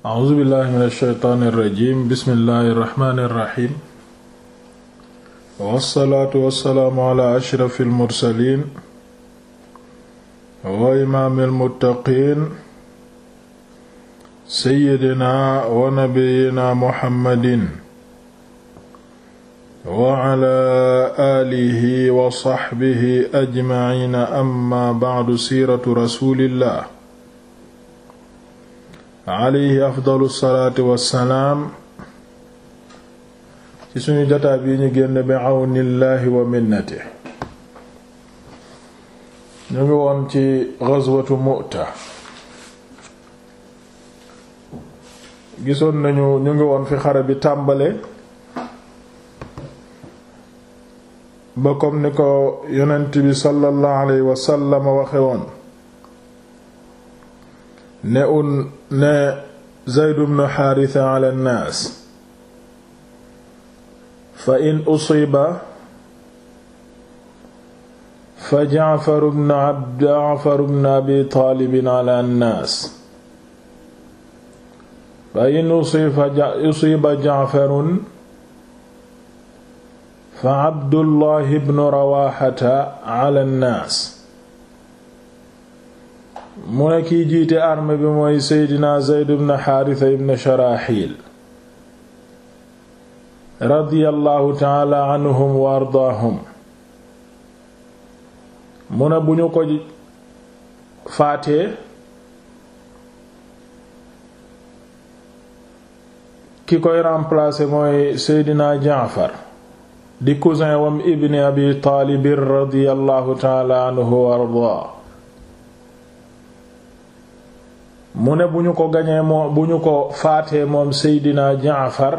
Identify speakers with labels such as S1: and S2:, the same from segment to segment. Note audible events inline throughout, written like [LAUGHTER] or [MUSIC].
S1: a'uuzu billahi min alsheytaan irrajim bismillahi irrahmani irrahim wassalaatu wassalaamu ala ashraf almursalin wa imaami almuttaqiin seyidina wa nabiyina muhammadin wa ala aalihi wa saxbihi ajmaciin amma bacdu siiratu rasulillah alayhi afdalu salaatu wassalaam ci suñu jotaa bi ñu génn bi àwnillaahi wa minnati ñu ngi woon ci ghazwatu Mu'ta gisoon nañu ñu ngi woon fi xare bi tàmbale ba comme ni ko yonent bi sallallahu alayhi wa sallam waxe woon ne un ne Zayd ibn Haarisa ala nnaas fa in usiba fa Jaafar ibn Abd Jaafar ibn Abi Taalib ala nnaas fa in usiba Jaafarun fa Abdullahi ibn Rawaahata ala nnaas mu ne kiy jiite arme bi mooy seydina zeyd ibn xaarisa ibn sharaxil radiyallahu taala anhum wa ardaahum mu ne bu ñu ko faatee ki koy remplacer mooy seydina jaafar di cousin wam ibni abi taalibin radiyallahu taala anhu wa ardaa mu ne bu ñu ko gañee moom bu ñu ko faatee moom seydina jaafar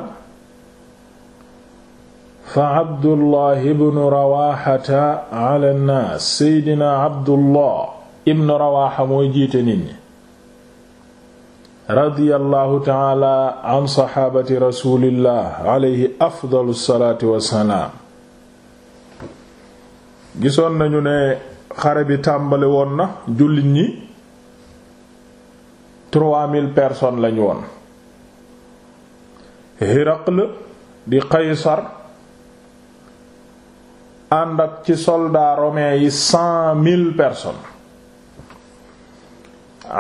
S1: fa abdullahi ibnu rawaxata ala nnaas seydina abdullah ibnu rawaxa mooy jiite nit ñi radiyallahu taala an saxaabati rasulillah afdalu salaatu wassalaam gisoon nañu ne xare bi tàmbali woon na jullit ñi trois mille personnes lañu woon Hiraql di Qaysar ànd ak ci soldats romains yi cent mille personnes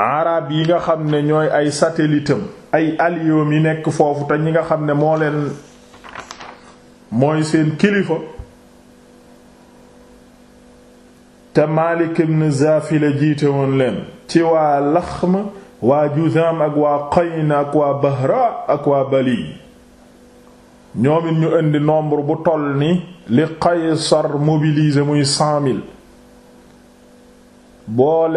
S1: arab yi nga xam ne ñooy ay satellitam ay alliés yi nekk foofu te ñi nga xam ne moo leen mooy seen kilifa te Malik ibn Zafil jiite woon leen ci waa Laxm waa Juzaam ak waa Qayn ak waa Bahra ak waa Bali ñoomit ñu indi nombre bu toll ni li Qaysar mobilisé muy cent mille boo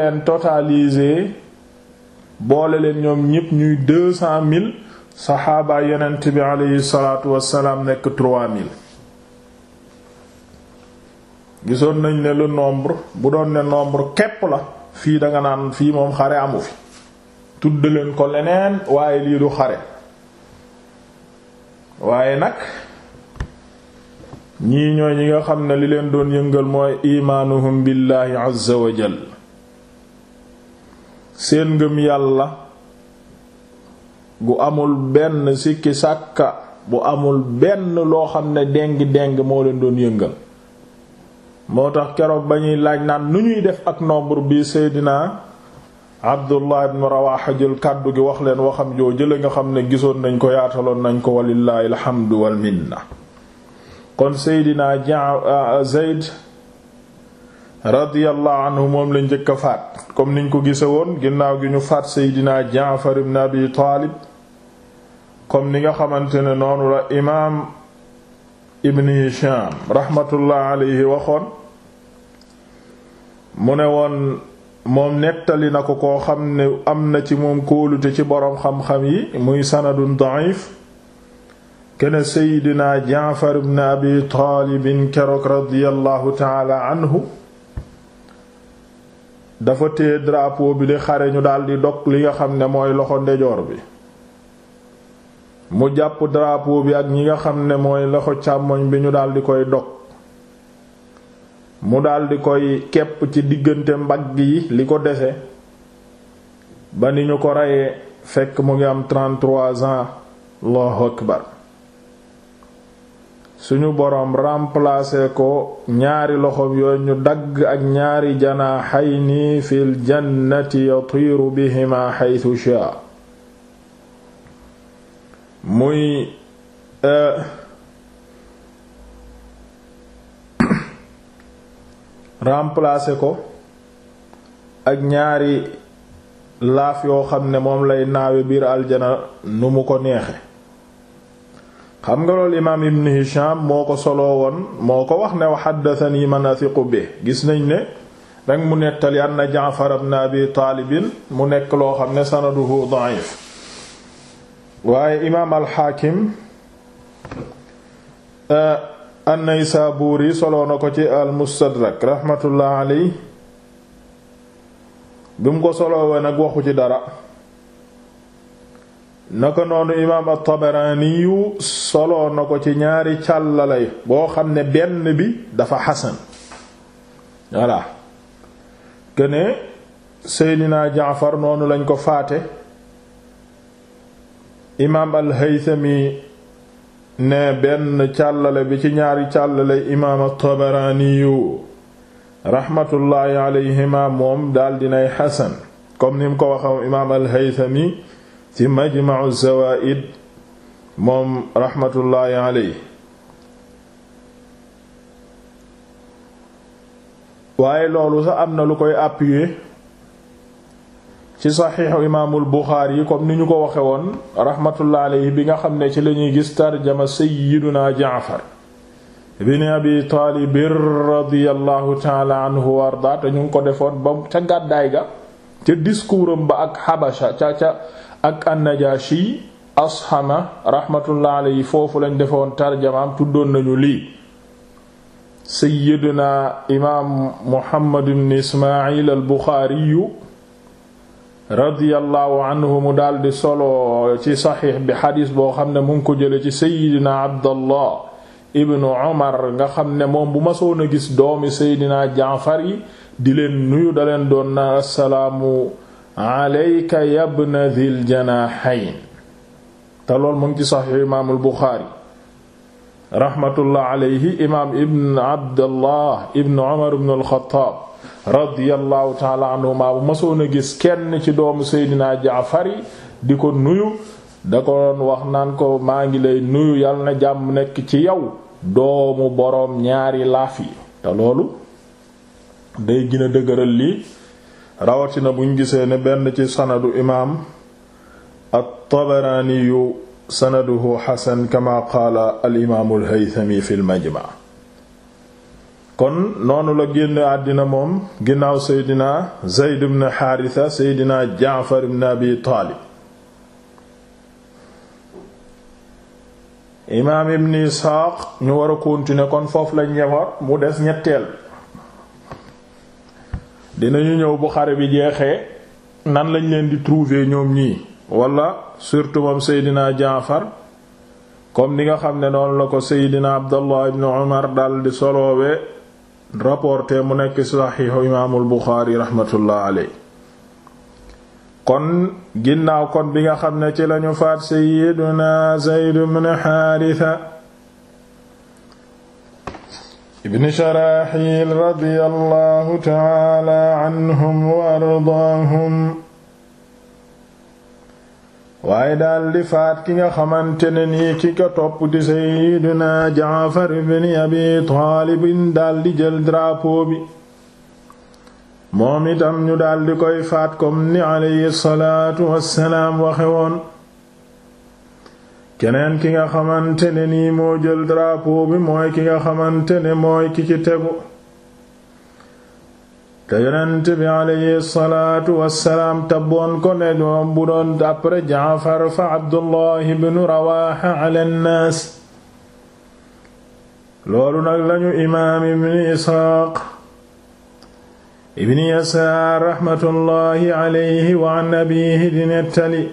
S1: boole leen ñoom ñépp ñuy deux mille saxaaba yonent bi aleyhi salaatu wassalaam nekk trois mille gisoon nañ ne le nombre bu doon ne nombre képp la fii danga naan fii moom xare amu fi tudd leen ko leneen waaye lii du xare waaye nag ñii ñooy ñi nga xam ne li leen doon yëngal mooy imaanuhum billaahi azza wa seen ngëm yàlla gu amul benn sikki sàkka bu amul benn loo xam ne déng-déng moo leen doon yëngal moo tax keroog ba ñuy laaj naan nu ñuy def ak nombre bi seydinaa Abdullah ibn Rawaha jël kàddu gi wax leen waxam joo jële nga xam ne gisoon nañ ko yaataloon nañ ko walillahi alhamdu wal minna kon Seydina ah, Zayd radiyallahu moom lañ njëkk a faat comme niñ ko gise woon ginnaaw gi ñu faat Seydina Jaafar ibn Abi Taalib kom ni nga xamante ne noonu la imaam Ibn Hisham rahmatullah waxoon mu ne woon moom nettali na ko koo xam ne am na ci moom kóolute ci boroom xam-xam yi muy sanadun da'if kene seydina jaafar ibn abi taalibin keroog radiyallahu taala anhu dafa téye drapo bi di xare ñu daldi dog li nga xam ne mooy loxo ndejoor bi mu jàpp drapeau bi ak ñi nga xam ne mooy loxo càmmoñ bi ñu daldi koy dog mu daldi koy kepp ci diggante mbagg yi li ko dese ba ni ñu ko reyee fekk mu ngi am 33 ans Allahu akbar suñu boroom remplacer ko ñaari loxom yooyu ñu dagg ak ñaari janaaxayni fil jannati yatiiru bihima haythu shaa muy euh remplacer ko ak ñaari laaf yoo xam ne moom lay naawe biir aljana nu mu ko neexe xam nga loolu imaam ibn hisham moo ko soloo woon moo ko wax ne wa xaddatani man athiqu bi gis nañ ne rek mu nettali anna jaafar ibn abi taalibin mu nekk loo xam ne sanaduhu da'if waaye imaam alxaakim an yi soloo na ko ci al-Mustadrak rahmatullah alayhi bi mu ko soloowe nag waxu ci dara naka noonu imaam at-Tabaraniyu soloo na ko ci ñaari càllalay boo xam ne benn bi dafa xasan voilà kene Seydina Jaafar noonu lañ ko faate imaam al-Haythami ne benn càllale bi ci ñaari càllale imaam at-Tabaraniyu raxmatullaahi alayhima moom daal dinay xasan comme ni mu ko waxam imaam al-Haythami ci Majma'u Zawaa'id moom raxmatullaahi alayhi ci saxiixu imaamul buxaari yi comme ni ñu ko waxe woon rahmatullah alayhi bi nga xam ne ci lañuy gis tarjama sayyiduna jaafar bin abi taalib radiyallahu taala anhu wa arda ñu ngi ko defoon ba ca gàddaay ga ca discours am ba ak xabasha ca ca ak annajaashi ashama rahmatullah alayhi foofu lañ defoon tarjamaam tuddoon nañu lii sayyiduna imaam muhammad ibn ismaayil al buxaari radiyallahu anhu mu daldi solo ci saxiix bi xadiis boo xam ne mu ngi ko jële ci seydina abdallah ibnu omar nga xam ne moom bu ma soon gis doomi seydina jaafar yi di leen nuyu da leen doon na assalaamu aleyka yabna dhil janahayn te lool mu ngi ci saxiix imaamul buxaari raxmatullah imaam ibn abdallah ibnu omar ibnu alxataab radiyallahu taala bu masoon a gis kenn ci doomu seydinaa jaafar di ko nuyu da ko doon wax naan ko maa ngi lay nuyu yàlla na jàmm nekk ci yow doomu boroom ñaari laaf yi te loolu day gën a dëgëral lii rawatina buñ gisee ne benn ci sanadu imaam at-Tabarani sanaduhu xasan kama qaala al imaamul Haythami fil majma' kon noonu la génn àddina moom ginnaaw seydina zeyd bn xaarisa seydina jaafar bn abi taalib imaam ibn isxaaq ñu wara a kon foofu lañ yemar mu des ñetteel dinañu ñëw bu xare bi jeexee nan lañ leen di trouver ñoom ñii wala surtout moom seydina jaafar comme ni nga xam ne noonu la ko seydina abdallah ibn umar dal di soloowe rapporté mu nekk saxiixu imaamul Buxaari raxmatullah aley kon ginnaaw kon bi nga xam ne ci lañu faat sayyiduna Zayd ibn Haarisa ibn Sharaxil radiyallahu taala anhum wa ardaahum waaye daal faat ki nga xamante ne nii ki ko topp di sayyidina Jaafar ibn Abi Taalib daal di jël drapeau bi moom itam ñu daldi di koy faat comme ni alayhi salaatu wassalaam waxe keneen ki nga xamante ne nii moo jël drapeau mooy ki nga xamante ne mooy ki ci tegu te yonent bi alayhi salaatu wassalaam tabboon ko ne doom bu doon après jaafar fa abdullah ibnu rawaxa ala nnaas loolu nag lañu imaam ibni isxaaq ibni yasaar raxmatullahi alayhi wa an abiihi di nettali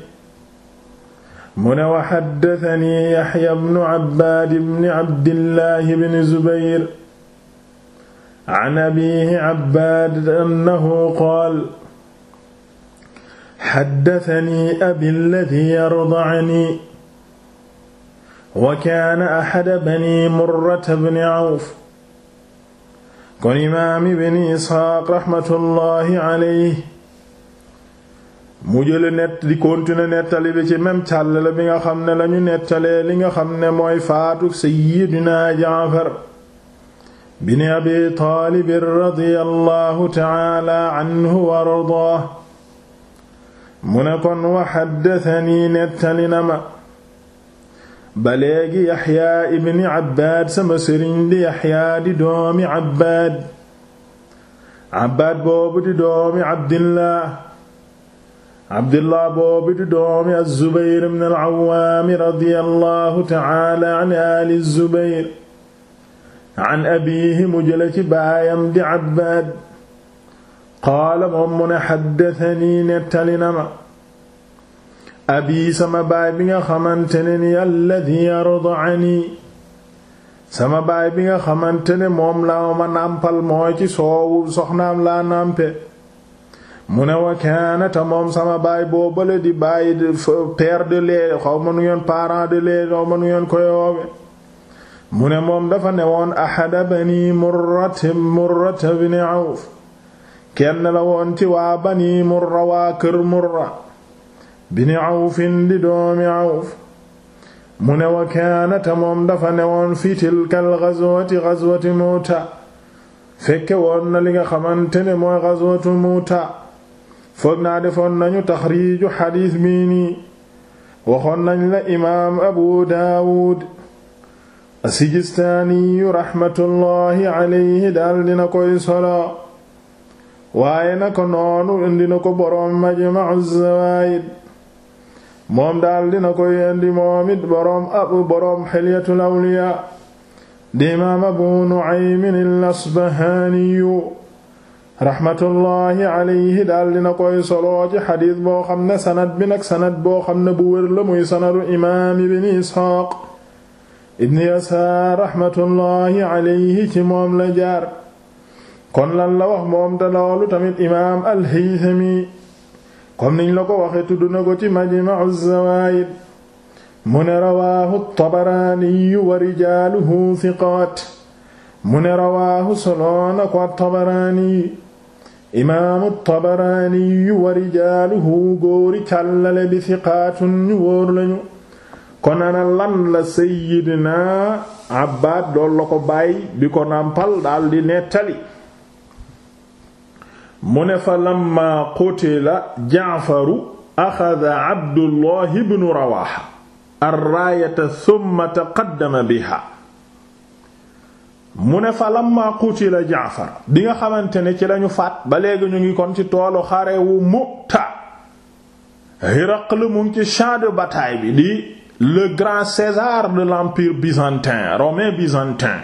S1: mu ne wa xaddatani yaxya bnu abbaad ibni abdillahi bni zubayr an abiihi abbaad annahu qaal xaddatani abi alladi ardacani wa kaana axada bani murrata bni awf kon imaam ibni isxaaq raxmatullahi alayhi mu jële nett di continuer nettali bi ci même càll la bi nga xam ne lañu nettalee li nga xam ne mooy faatu sayyidina jaafar bini abi taalibin radiyallahu taala anhu wa ardaah mu ne kon wa xaddatanii nettali na ma ba léegi yaxyaa ibni abbaad sama sëriñ di yaxyaa di doomi abbaad abbaad boobu di doomi abdillah abdillah boobu di doomi azzubayr ibn al-awwaam radiyallahu taala an ali zubayr an abiihi mu jële ci baayam di abbaad qaala moom mu ne xaddatanii nettali na ma abii sama baay bi nga xamante ne ni alladi arda'anii sama baay bi nga xamante ne moom la ma nàmpal mooy ci soowu soxnam laa nàmpe mu ne wa kaanata moom sama baay boobale di baay père de lait xaw ma nu ngeen parent de lait xaw nu ngeen koy mu ne moom dafa newoon ahada bani murrata murrata ibn awf kenn la woon ci waa bani murra waa kër murra bini awfin di doomi awf mu ne wa kaanata moom dafa newoon fi tilka al ghazwati ghazwati fekke woon na li nga xamante ne mooy ghazwatu muuta foog naa defoon nañu taxriiju xadiis bii nii waxoon nañ la imaam abu daawud sijistaaniyu raxmatullahi alayhi daal dina koy solo waaye naka noonu indi na ko boroom majma'u zawaayid moom daal dina koy indi moom it boroom ab boroom xilyatul awliyaa di imaam abu nu'aymin al-asbahaaniyu raxmatullahi alayhi daal dina koy solo ci xadiis boo xam ne sanad bi nag sanad boo xam ne bu wér la muy sanadu imaam ibn isxaaq ibni yasaar raxmatullaahi alayhi ci moom la jaar kon lan la wax moom te tamit imaam al-Haythami comme niñ la ko waxe tudd na ko ci majma'u zawaayid mu ne rawaahu tabaraaniyu wa rijaaluhu thiqaat mu ne rawaahu soloona ko tabaraaniyu imaamu tabaraaniyu wa rijaaluhu góori càllale bi thiqaatun ñu wóor lañu kon ana lan la Seyyidina Abbaad doon la ko bàyyi bi ko nàmpal daldi nettali mu ne fa lamma qutila Ja'faru axada Abdullahi ibnu Rawaaha ar-raayata thumma taqaddama biha mu ne fa lamma qutila Ja'far bi nga xamante ne ci lañu faat ba léegi ñu ngi kon ci toolu xare wu Mu'ta Hiraql mu ci champ de bi di le grand César de l'empire byzantin romain byzantin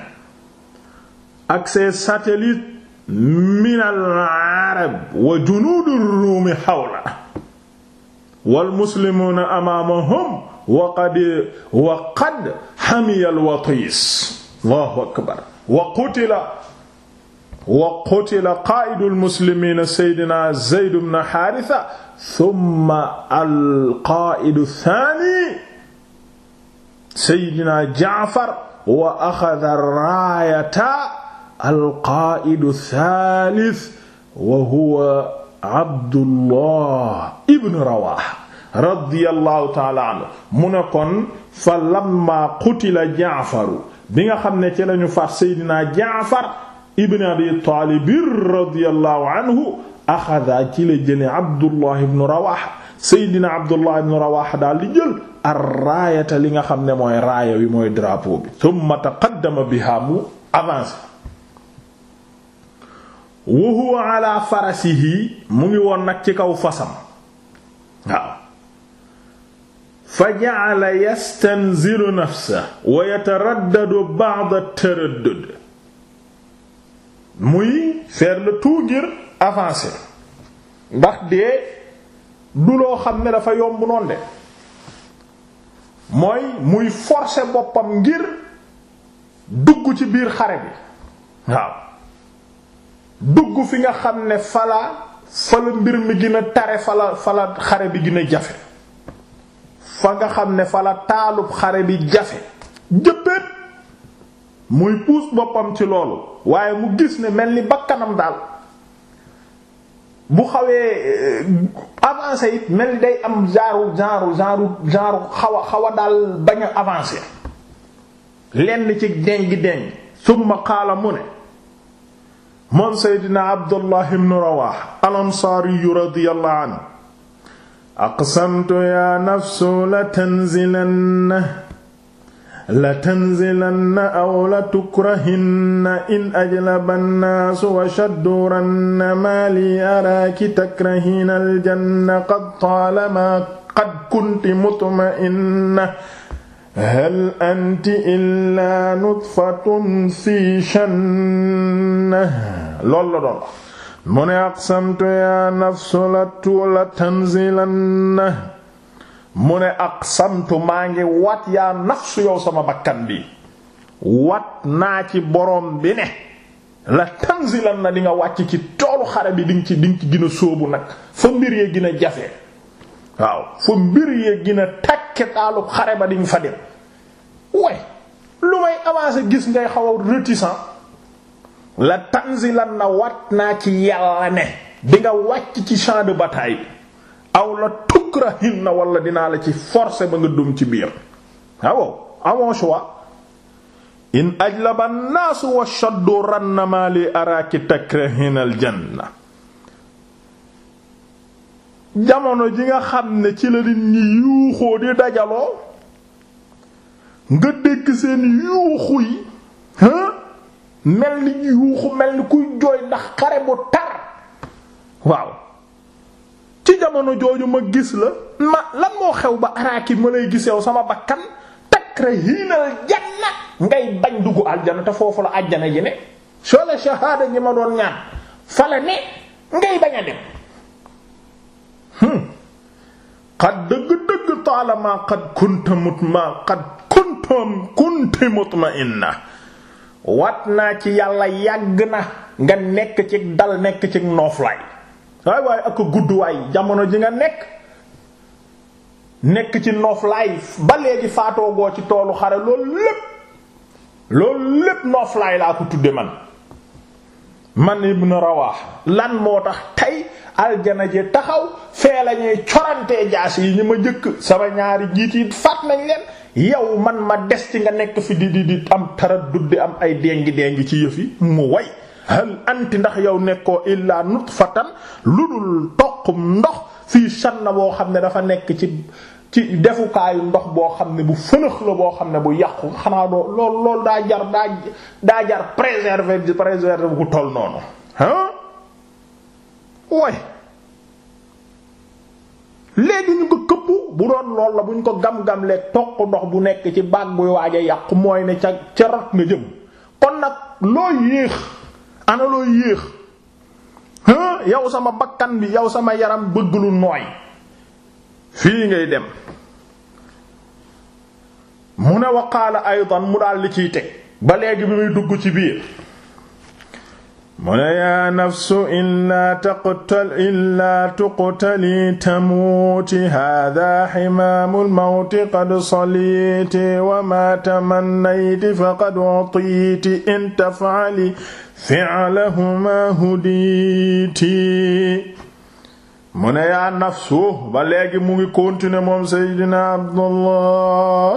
S1: ak ses satellites min al arab wa junuudu ruumi hawla wal muslimuuna amaamahum wa qad wa qad hamiya al watiis allahu akbar wa qutila wa qutila qaaidul muslimiina seydina Zayd ibn Haarisa thumma al qaa'idu thaani seydina jaafar wa axada raayata alqaa'idu thaalith wa huwa abdullah ibn rawaha radiyallahu taala anhu mu ne kon fa lamma qutila jaafaru bi nga xam ne ci lañu faat seydina jaafar ibn abi taalib radiyallahu anhu axada ci la jële abdullah ibn rawaha seydina abdullah ibn rawaha daal di jël ar raayata li nga xam ne mooy raaya wi mooy drapeau bi thumma taqaddama biha mu avancé wa huwa ala farasihi mu ngi woon nag ci kaw fasam waaw fa ja'ala yastanzilu nafsa wa yataraddadu ba'da taraddud muy faire le avancer ndax dee du loo xam ne dafa yomb noonu de mooy muy forse boppam ngir dugg ci biir xare bi waaw dugg fi nga xam ne fala fala mbir mi gën a tare fala fala xare bi gën jafe fa nga xam ne fala taalub xare bi jafe jëppéet muy puus boppam ci loolu waaye mu gis ne mel ni bakkanam daal bu xawee euh, avancé it mel day am genre genre genre genre xaw a xaw a daal bañ a avancé lenn ci déng-déng summa qaala mu ne moom seydina abdullah ibn rawah al ansaari radiyallahu anhu aqsamtu ya nafsu la tanzilanna la tanzilanna aw la tukrahinna in ajlaba nnaasu wa shadduranna maa li araaki takrahina aljanna qad taalamaa qad kunti mutma'inna hal anti illaa nutfatun fi shanna loolu la doon mu ne aqsamtu yaa nafsu la tanzilanna mu ne aqsamtu maa ngi wat yaa nafsu yow sama bakkan bi wat naa ci borom bi ne la tanzilan na di nga wàcc ci toolu xare bi di ci di nga ci gën a nag fa mbir yee gën jafe waaw fa mbir yee gina a takke xare ba di fa dem way lu may avancer gis ngay xaw a réticent la tanzilan na wat naa ci yàlla ne di wàcc ci champ de aw la tukrahinna wala dinaa la ci forcer ba nga dum ci biir waaw amoo choix in ajlaba an-naasu wa shaddu rannama araaki takrahina al-janna jamono ji nga xam ne ci la nit yuuxoo di dajaloo nga dégg seen yuuxu yi mel ni yuuxu mel ni kuy jooy ndax xare bu tar waaw ci jamono jooju ma gis la ma lan moo xew ba araaki ma lay gis sama bakkan takrahiinal janna ngay bañ dugg aljana te foofu la aljana ji ne soo la shahaada ma doon ñaan fala ne ngay bañ dem xat hmm. dëgg-dëgg taalamaa xat kunta mut ma xat kuntam kunti wat naa ci yàlla yàgg na nga nekk ci dal nekk ci nooflaay waay waaye ak gudd waay jamono ji nga nekk nekk ci nooflaay ba léegi faatoo goo ci toolu xare loolu lépp loolu lépp nooflaay laa ko tudde man man ni ibn Rawah lan moo tax tey aljana ji taxaw fee la ñuy jaas yi ñu ma jëkk sama ñaari jiit yi faat nañ leen yow man ma des ci nga nekk fi di di di am taraddud di am ay dengi dengi ci yëf mu way hal anti ndax yow nekkoo illaa nutfatan lu dul toqum ndox fii na boo xam ne dafa nekk ci ci defukaayu ndox boo xam ne bu fënëx la boo xam ne bu yàqu xanaa doo lool daa jar daa daa jar préserver bu toll noonu ah way léegi ñu ko këpp bu doon lool la buñ ko gam-gam leeg toq ndox bu nekk ci baag buy waaj yàqu mooy ne ca ca rot nga jëm kon nag loo yéex ana looy yéex yow sama bakkan bi yow sama yaram bëgg lu nooy fii ngay dem mu ne waqaala aydan mu daal li ciy teg ba léegi bi muy dugg ci biir mu ne yaa nafsu illaa taqtal illaa tuqtali tamuuti haadaa ximaamul mawti qad saliti wa ma tamannayti faqad utiiti in tafali fi'lahuma huditi mu ne yaa nafsu ba léegi mu ngi continuer moom seydina abdullah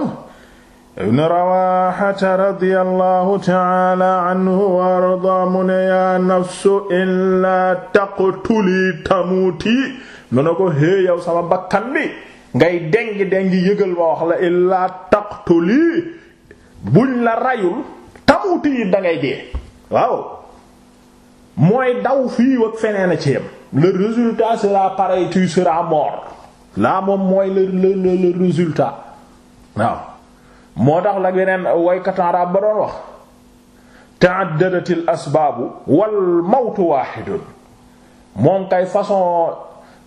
S1: ibn rawaxata radiyallahu taala anhu wa arda mu ne yaa nafsu illaa taqtuli tamuuti mu ne ko hee yow sama bakkan bi ngay dengi dengi yëgal ma wax la illaa taqtuli buñ la rayul tamuuti dangay dee waaw mooy daw fii ak feneen a ci yem le résultat sera pareil tu seras mort laa moom mooy le le le résultat waaw moo tax la beneen waykat arab ba doon wax ta'addadat al asbaabu wal mawtu waahidun moom kay façon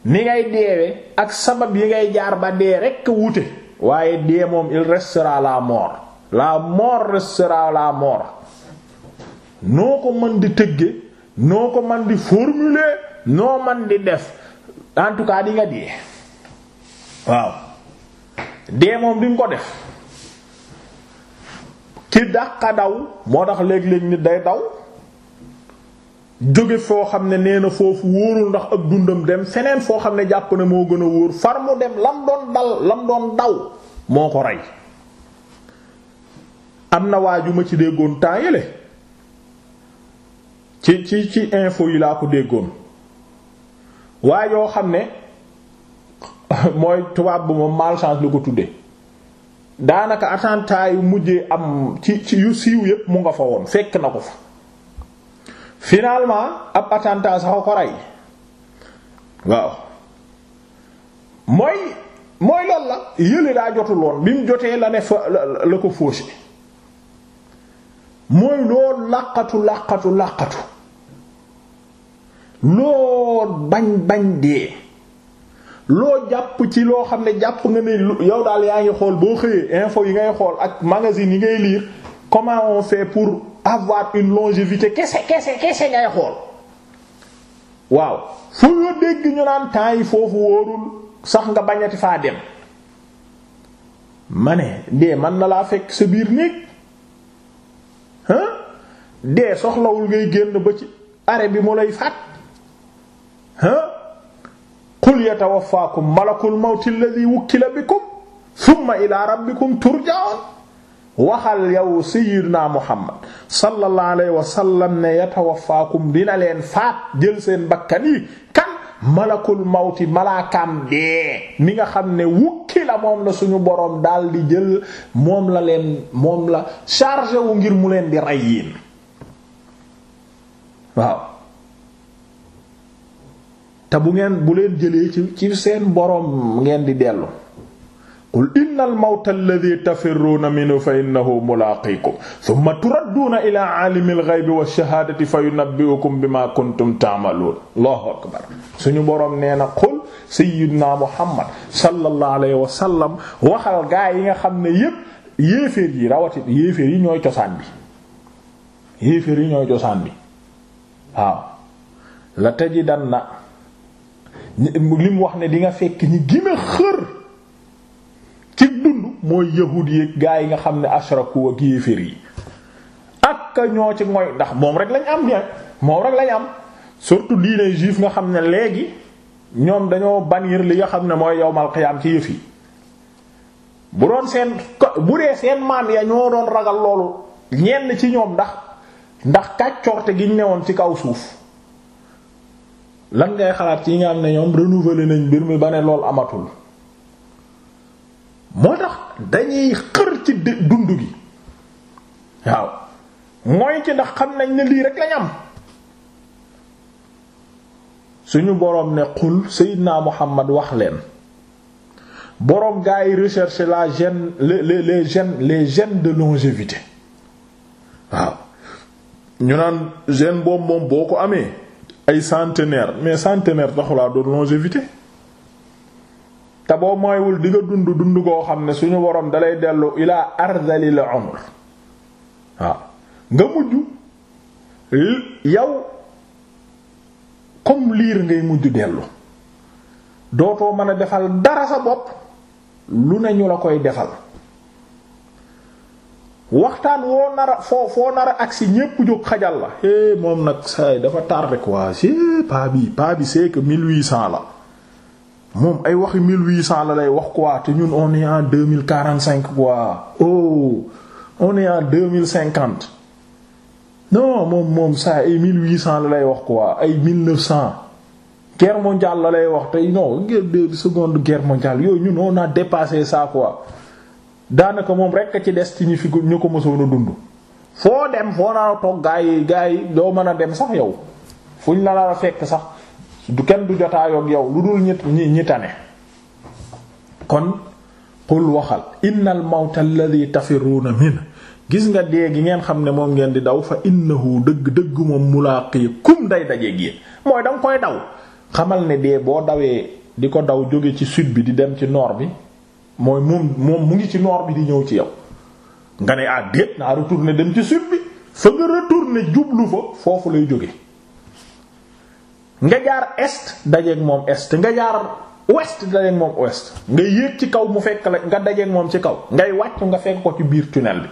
S1: ni ngay deewe ak sabab yi ngay jaar ba dee rekk wute waaye dee moom il restera la mort la mort restera la mort noo ko mën di tëgge noo ko mën di formuler noo mën di def en tout cas di nga dee waaw dee moom di nga ko def ki dàqa daw moo tax léeg-léeg nit day daw jóge foo xam ne nee na foofu wóorul ndax ak dundam dem feneen foo xam ne jàpp ne moo gën a wóor far mu dem lam doon dal lam doon daw moo ko rey am na waaju ma ci déggoon temps yële ci ci ci info yi laa ko déggoon waaye yoo xam ne [LAUGHS] mooy tubaab bu moom malchance lu ko tudde daanaka attentat yu mujjee am ci ci yu siiw yépp mu nga fa woon fekk na ko fa finalement ab attentat sax a ko rey waaw mooy mooy loolu la yële daa jotul bi mu jotee la ne fa la ko fauché mooy loo làqatu làqatu làqatu loo bañ bañ dee loo jàpp ci loo xam ne jàpp nga ne yow daal yaa ngi xool boo xëyee info yi ngay xool ak magasin yi ngay lire comment on fait pour avoir une longévité kese kese kese ngay xool waaw fu ñu dégg ñu naan temps yi foofu wóorul sax nga bañati faa dem ma ne dee man na laa fekk sa biir néeg dee soxlawul ngay génn ba ci arrêt bi mu lay faat ah qul yatawaffakum malakul mawti alladhi wukkila bikum thumma ila rabbikum turja'un waxal yow sayyidina muhammad sallallahu alayhi wa sallam ne yatawaffakum dina leen faat jël seen bakkan yi kan malakul mawti malaakaam dee mi nga xam ne wukki la moom la suñu boroom daal di jël moom la leen moom la chargé wu ngir mu leen di rey yéen waaw te bu ngeen bu leen jëlee ci ci seen boroom ngeen di dellu qul innal mawta alladhi tafirruuna minhu fa innahu mulaaqiikum thumma turadduuna ilaa aalimil ghaybi wash-shahaadati fa yunabbi'ukum bimaa suñu boroom nee na qul sayyidina muhammad sallallahu alayhi waxal gaa yi nga xam ne yépp yéeféer yi rawatina yéeféer yi ñooy cosaan bi yéeféer yi ñooy cosaan bi waaw la tajidan na li mu wax ne di nga fekk ñi gën a xër ci dund mooy yahud yi gaa yi nga xam ne ashraku ak yéeféer yi ak ñoo ci mooy ndax moom rek lañ am ñeeg moom rek lañ am surtout diine juif nga xam ne léegi ñoom dañoo bannir li nga xam ne mooy yowmal qiyaam ci yëf yi bu doon seen bu dee seen maam ya ñoo doon ragal loolu ñenn ci ñoom ndax ndax kàccoorte gi ñu newoon ci kaw suuf lan ngay xalaat ci nga am ne ñoom renouveler nañ mbir mi ba ne lool amatul moo tax dañuy xër ci dund gi waaw mooy ci ndax xam nañ ne lii rek lañ am suñu boroom ne xul Seydina Muhammad wax leen boroom gaa yi recherche la gène les les gènes les gènes de longévité waaw ñu naan gene boobu moom boo ko amee ay centenaire mais centenaire taxulaa doon longévité te boo mooywul di nga dund dund koo xam ne suñu borom dalay dellu ilaa ardalil umr waaw nga mujj yow comme liir ngay mujj dellu dootoo mën a defal dara sa bopp lu ne ñu la koy defal waxtaan woo nar a foo foo nar a agsi ñépp jóg xajal la eh moom nag say dafa tardé quoi si paa bi paa bi c'est que cent la moom ay waxi cent la lay wax quoi te ñun on est en 2045 quoi oh on est en 2050 non moom moom saa ay cent la lay wax ko waa ay 1900 cent mondiale la lay wax te non guerre de seconde guerre mondiale yooyu ñun on a dépassé ça quoi. daanaka moom rek a ci des ci ñi fi ñu ko mësoon a dund foo dem foo naa toog gaa yi doo mën a dem sax yow fu ñu la la fekk sax du kenn du jotaayoog yow lu dul ñi ñi tane kon qul waxal innal mawta alladhi tafirruuna min gis nga dee gi ngeen xam ne moom ngeen di daw fa innahu dëgg dëgg moom mu mulaaqiikum day dajeeg yéen mooy danga koy daw xamal ne dee boo dawee di ko daw jóge ci sud bi di dem ci noor bi mooy moom moom mu ngi ci nord bi di ñëw ci yow nga ne ah déet naa retourner dem ci sud bi fa nga retourner jublu fa foofu lay jóge nga jaar est dajeeg moom est nga jaar ouest dajeeg moom ouest nga yéeg ci kaw mu fekk la nga dajeeg moom ci kaw ngay wàcc nga fekk ko ci biir tunnel bi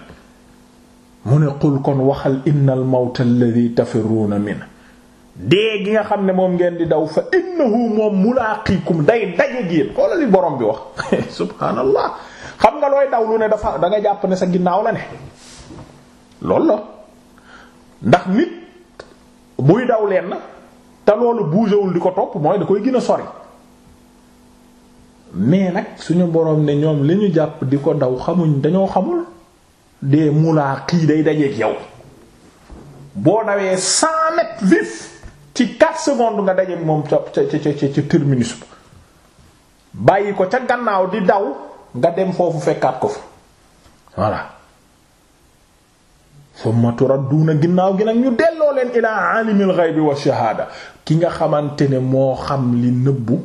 S1: mu ne qul kon waxal innal mawta alladhi tafirruna minhu dee gi nga xam ne moom ngeen di daw fa innahu moom kum day daje gi yéen xoolal li borom bi wax [LAUGHS] subhaanallah xam nga looy daw lu ne dafa da jàpp ne sa ginnaaw la ne loolu la ndax nit buy daw leen te loolu buusewul di ko topp mooy da koy gën a sori mais nag suñu borom ne ñoom li ñu jàpp di ko daw xamuñ dañoo xamul dee mulaa kii day dajeeg yow boo dawee cent mètres vif ci 4 secondes nga dajeek moom ca ca ca ca terminus ba bàyyi ko ca gannaaw di daw nga dem foofu fekkaat ko fa voilà summa na ginnaaw gi nag ñu delloo leen ilaa aalimil ghaybi wa shahaada ki nga xamante ne moo xam li nëbbu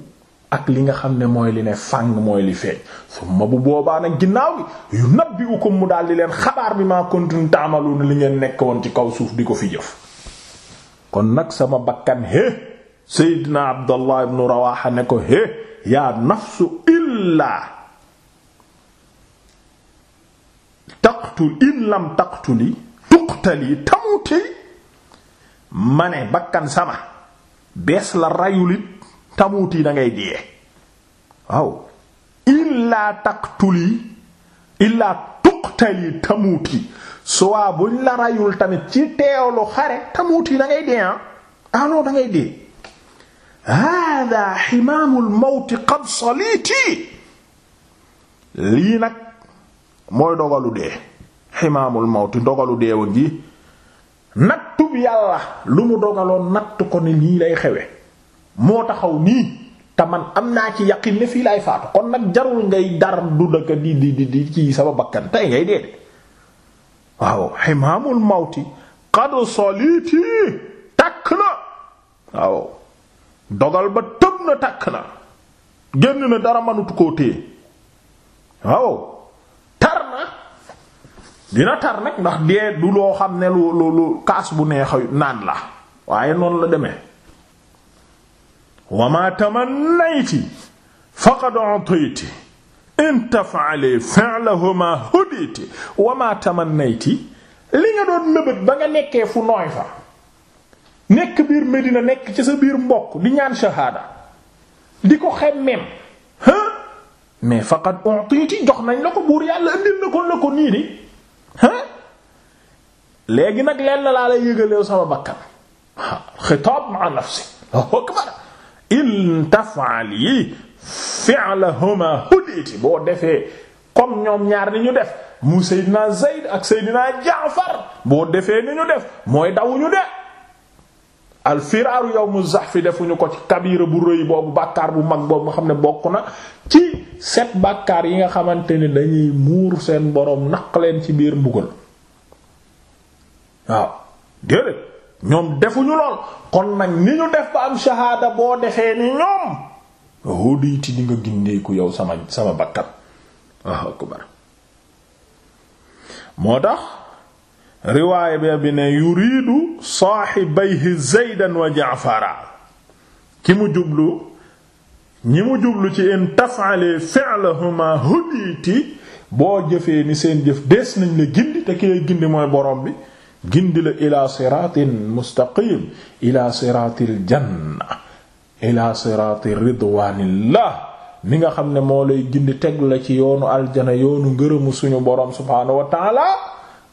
S1: ak li nga xam ne mooy li ne fàng mooy li feeñ summa bu boobaa nag ginnaaw gi yu nabbiukum mu daal di leen xabaar bi maa kuntum ta'maluuna li ngeen nekk woon ci kaw suuf di ko fi jëf kon nag sama bakkan hé seydina abdallah ibnu rawaxa ne ko hé yaa nafsu illaa taqtul in lam taqtuli tuqtali tamuti ma ne bakkan sama bees la rayulit tamuti da ngay dee waaw illaa taqtuli illaa tuqtali tamuti suwaa buñ la rayul tamit ci teewlu xare tamuut yi da ngay dee ah anoo ah, da ngay dee hada ximaamul mawti qad saliti lii nag mooy dogalu dee ximaamul mawti dogalu dee wa ngi nattub yàlla lu mu dogaloon natt ko ne nii lay xewe moo taxaw nii te man am naa ci yaqin ne fii lay faatu kon nag jarul ngay dar du dëkk di di di ci sama bakkan tey ngay dee waaw ximaamul mawti qad saliti takk na waaw dogal ba tëb na takk na génn na dara mënut koo téye waaw tar na dina tar nag ndax dee du loo xam ne lu lu lu kaas bu neex naan la waaye noonu la demee wa ma tamannayti faqad utayti in taf'ali fi'lahuma huditi wa ma tamannayti li nga doon mébét ba nga nekkee fu nooy fa nekk biir Medina nekk ci sa biir mbokk di ñaan shahaada di ko xemmeem ah mais faqad u'titi jox nañ la ko buur yàlla indil na ko la ko nii ni léegi nag lenn laa lay yëgaleew sama bakkan xitaab ma'a nafsi Allahu akbar fi'lahuma hudiiti boo defee comme ñoom ñaar ni ñu def mu seydinaa Zayd ak Seydina Jaafar boo defee ni ñu def mooy dawuñu de al firaaru yawmu zahfi defuñu ko ci kabira bu rëy boobu bàkkaar bu mag boobu nga xam ne bokk na ci set bàkkaar yi nga xamante ni dañuy muur seen boroom naq leen ci biir mbugal waaw déedéet ñoom defuñu lool kon nag ni ñu def ba am shahaada boo defee ni ñoom hóodiiti di nga gindeeku yow sama sama bakkan moo tax riwaaya bi bi ne yuridu saaxibayhi zaydan wa jaafara ki mu jublu ñi mu jublu ci in taf'ali fi'lahuma hudiiti boo jëfee ni seen jëf des nañ la gindi te ki lay gindi mooy borom bi gindi la ila siraatin mustaqim ila siraatil janna ila siraati la mi nga xam ne moo lay gindi teg la ci yoonu aljana yoonu ngërëmu suñu borom subhaanahu wa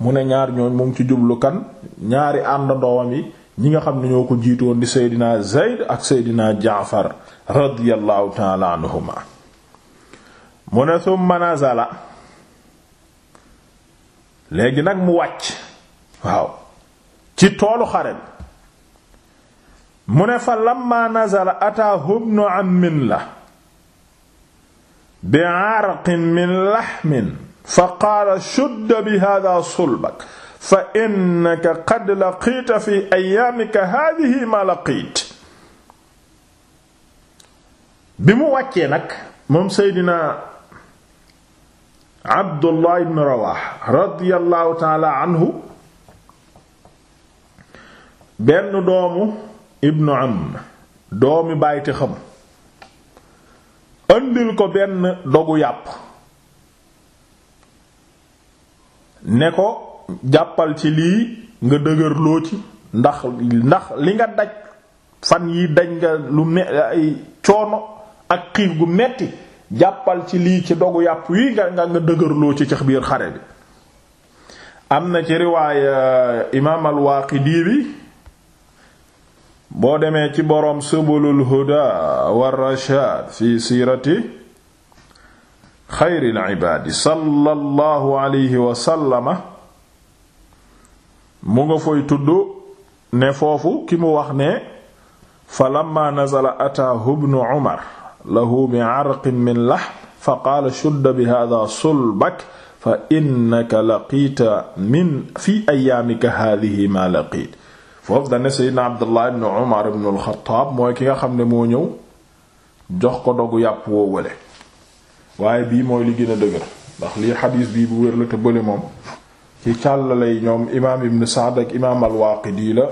S1: mu ne ñaar ñooñ mu ngi ci jublu kan ñaari àndandoowam yi ñi nga xam ne ñoo ko jiitoon di seydinaa Zayd ak seydinaa Jaafar radiyallahu taala anhuma mu ne summa nazala léegi nag mu wàcc waaw ci toolu xare bi mu ne fa lamma nazala ataahu ibnu ammin la bi arqin min laxmin fa qaala shudda bi haadaa sulbak fa innaka qad laqiita fi ayaamika haadihi ma laqiit bi mu wàccee nag moom seydina Abdullah ibn Rawaaha radiyallahu taala anhu benn doomu ibnu am doomi bàyti xam andil ko benn dogu yàpp ne ko jàppal ci lii nga dëgërloo ci ndax ndax li nga daj fan yi dañ nga lu me ay coono ak xiif gu metti jàppal ci lii ci dogu yàpp wi nga nga dëgërloo ci ci biir xare bi am na ci riwaaya imaam al boo demee ci boroom subulul huda war rashaad fi siirati xayril ibaadi sallallahu alayhi wa sallama mu nga foy tudd ne foofu ki mu wax ne fa lamma nazala ataahu ibnu umar bi arqin min lah fa qaala bi hadha sulbak fa innaka min fi ayaamika hadhihi ma laqiit foofu dane seydna abdullah ibn umar ibn al mooy ki nga xam ne moo ñëw jox ko dogu yàpp woo wale waaye bii mooy li gën a dëgër ndax lii xadiis bii bu wér la te bële moom ci càllalay ñoom imaam ibn Sa'd imaam al-Waaqidi la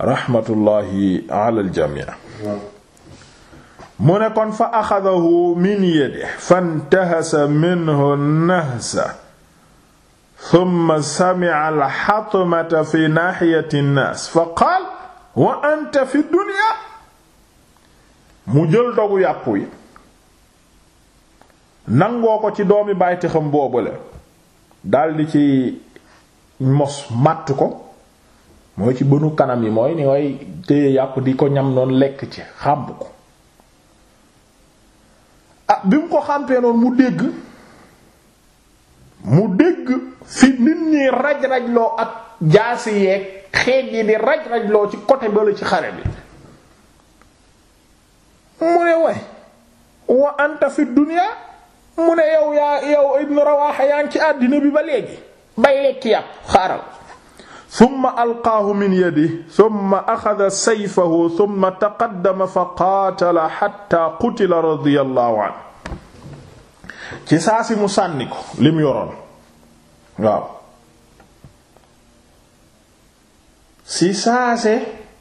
S1: raxmatullaahi ala al mu ne kon fa axadahu min yadihi fantahasa minhu nahsa thumma sami'a al-hatmata fi nahiyati an fa qaal wa anta fi dunya mu jël dogu yàpp yi nangoo ko ci doomi bàyti xam boobule daldi ci mos màtt ko mooy ci bënu kanam yi mooy ni way téye yàpp di ko ñam noonu lekk ci xàmb ko ah bi mu ko xàmpee noonu mu dégg mu dégg fi nit ñi raj ak jaasi yeeg xeej yi di raj-rajloo ci côté bala ci xare bi mu ne way wa anta fi dunya mu ne yow yaa ibnu rawaxa yaa ngi ci àddina bi ba léegi bay lekk yàpp xaaral summa alqaahu min yadi summa axada sayfahu summa taqaddama fa qaatala xatta qutila radiyallahu anhu ci saa mu sànni lim yoroon waaw si saase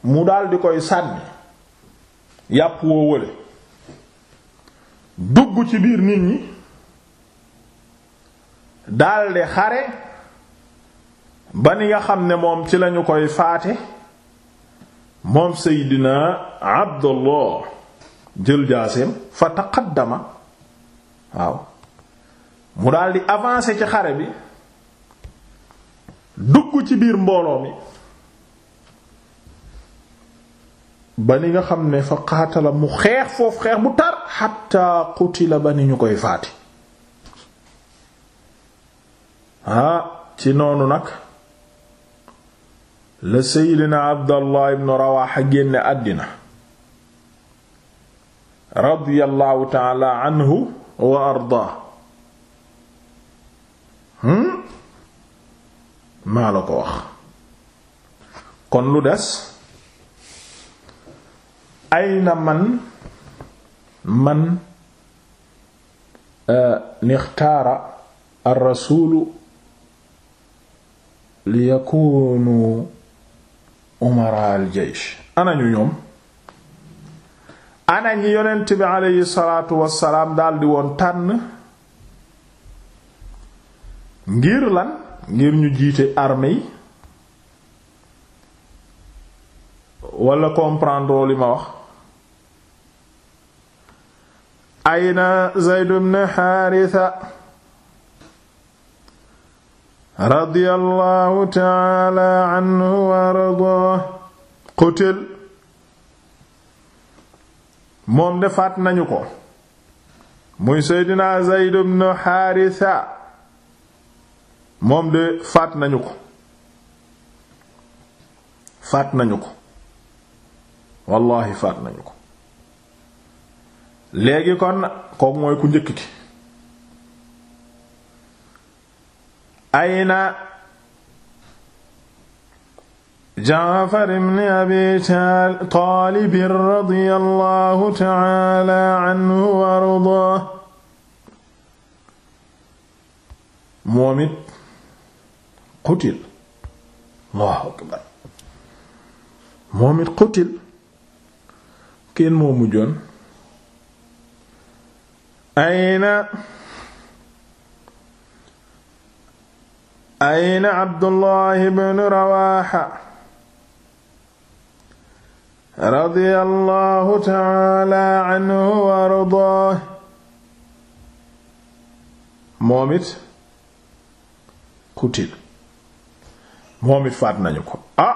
S1: mu daldi koy sànni yàpp woo wële dugg ci biir nit ñi daldi xare ba ni nga xam ne moom ci lañu koy faate moom seydina abdullah jël jaaseem fa taqaddama waaw mu daldi avancer ci xare bi dugg ci biir mbooloo mi ba ni nga xam ne fa qaatala mu xeex foofu xeex bu tar xatta qutila ba ni ñu koy faati ah ci noonu nag la seydina abdallah ibnu rawaxa génne àddina radiyallahu taala anhu wa ardaa maa la ko wax kon lu des ay na man man euh, nixtaara ar rasulu li yakunu umara al jaysh anañu ñoom ana ñi yonent bi aleyhi salaatu wasalaam daldi woon tànn ngir lan ngir ñu jiite armée yi wala comprendre li ma wax ayna Zayd ibn Haritha anhu wa ardaah qutil moom de nañu ko muy Seydina Zayd moom de faat nañu ko faat nañu ko wallahi faat nañu ko léegi kon kook mooy ku njëkk ki ayna Jaafar ibn Abi Taalib radiyallahu ta'ala anhu wa ardaahu moom xutil Allahu akbar moom it xutil kenn moo mujjoon ayna ayna Abdullah ibn Rawaha radiyallahu ta'ala anhu wa ardaahu moom it xutil moom it faat nañu ko ah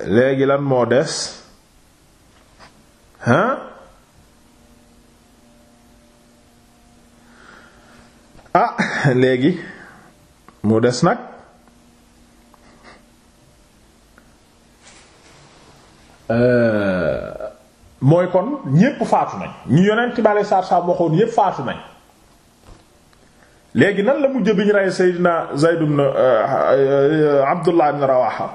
S1: léegi lan moo des hein ah léegi mu des nag euh, mooy kon ñépp faatu nañ ñu yonent bi aleyhi salaatu salaam waxoon yépp faatu nañ léegi nan la mujj bi ñu rey Seydina Zayd ibn euh, euh, Abdullah ibn Rawaha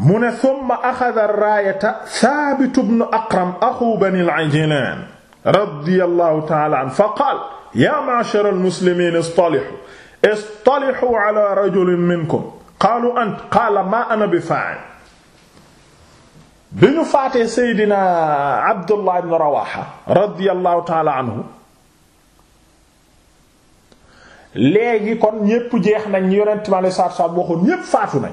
S1: mu ne thumma axada raayata Thaabit ibn Aqram axu bani al-Ajlaan radiyallahu ta'ala anhu fa qaala yaa ma'shara al-muslimiin istalihuu istalihuu ala rajulin minkum qaalu anta qaala maa ana bi faa'il bi ñu faatee Seydina Abdullah ibn Rawaha radiyallahu ta'ala anhu léegi kon ñépp jeex nañ ñu yonent mi aleyhi salaatu salaam waxoon ñépp faatu nañ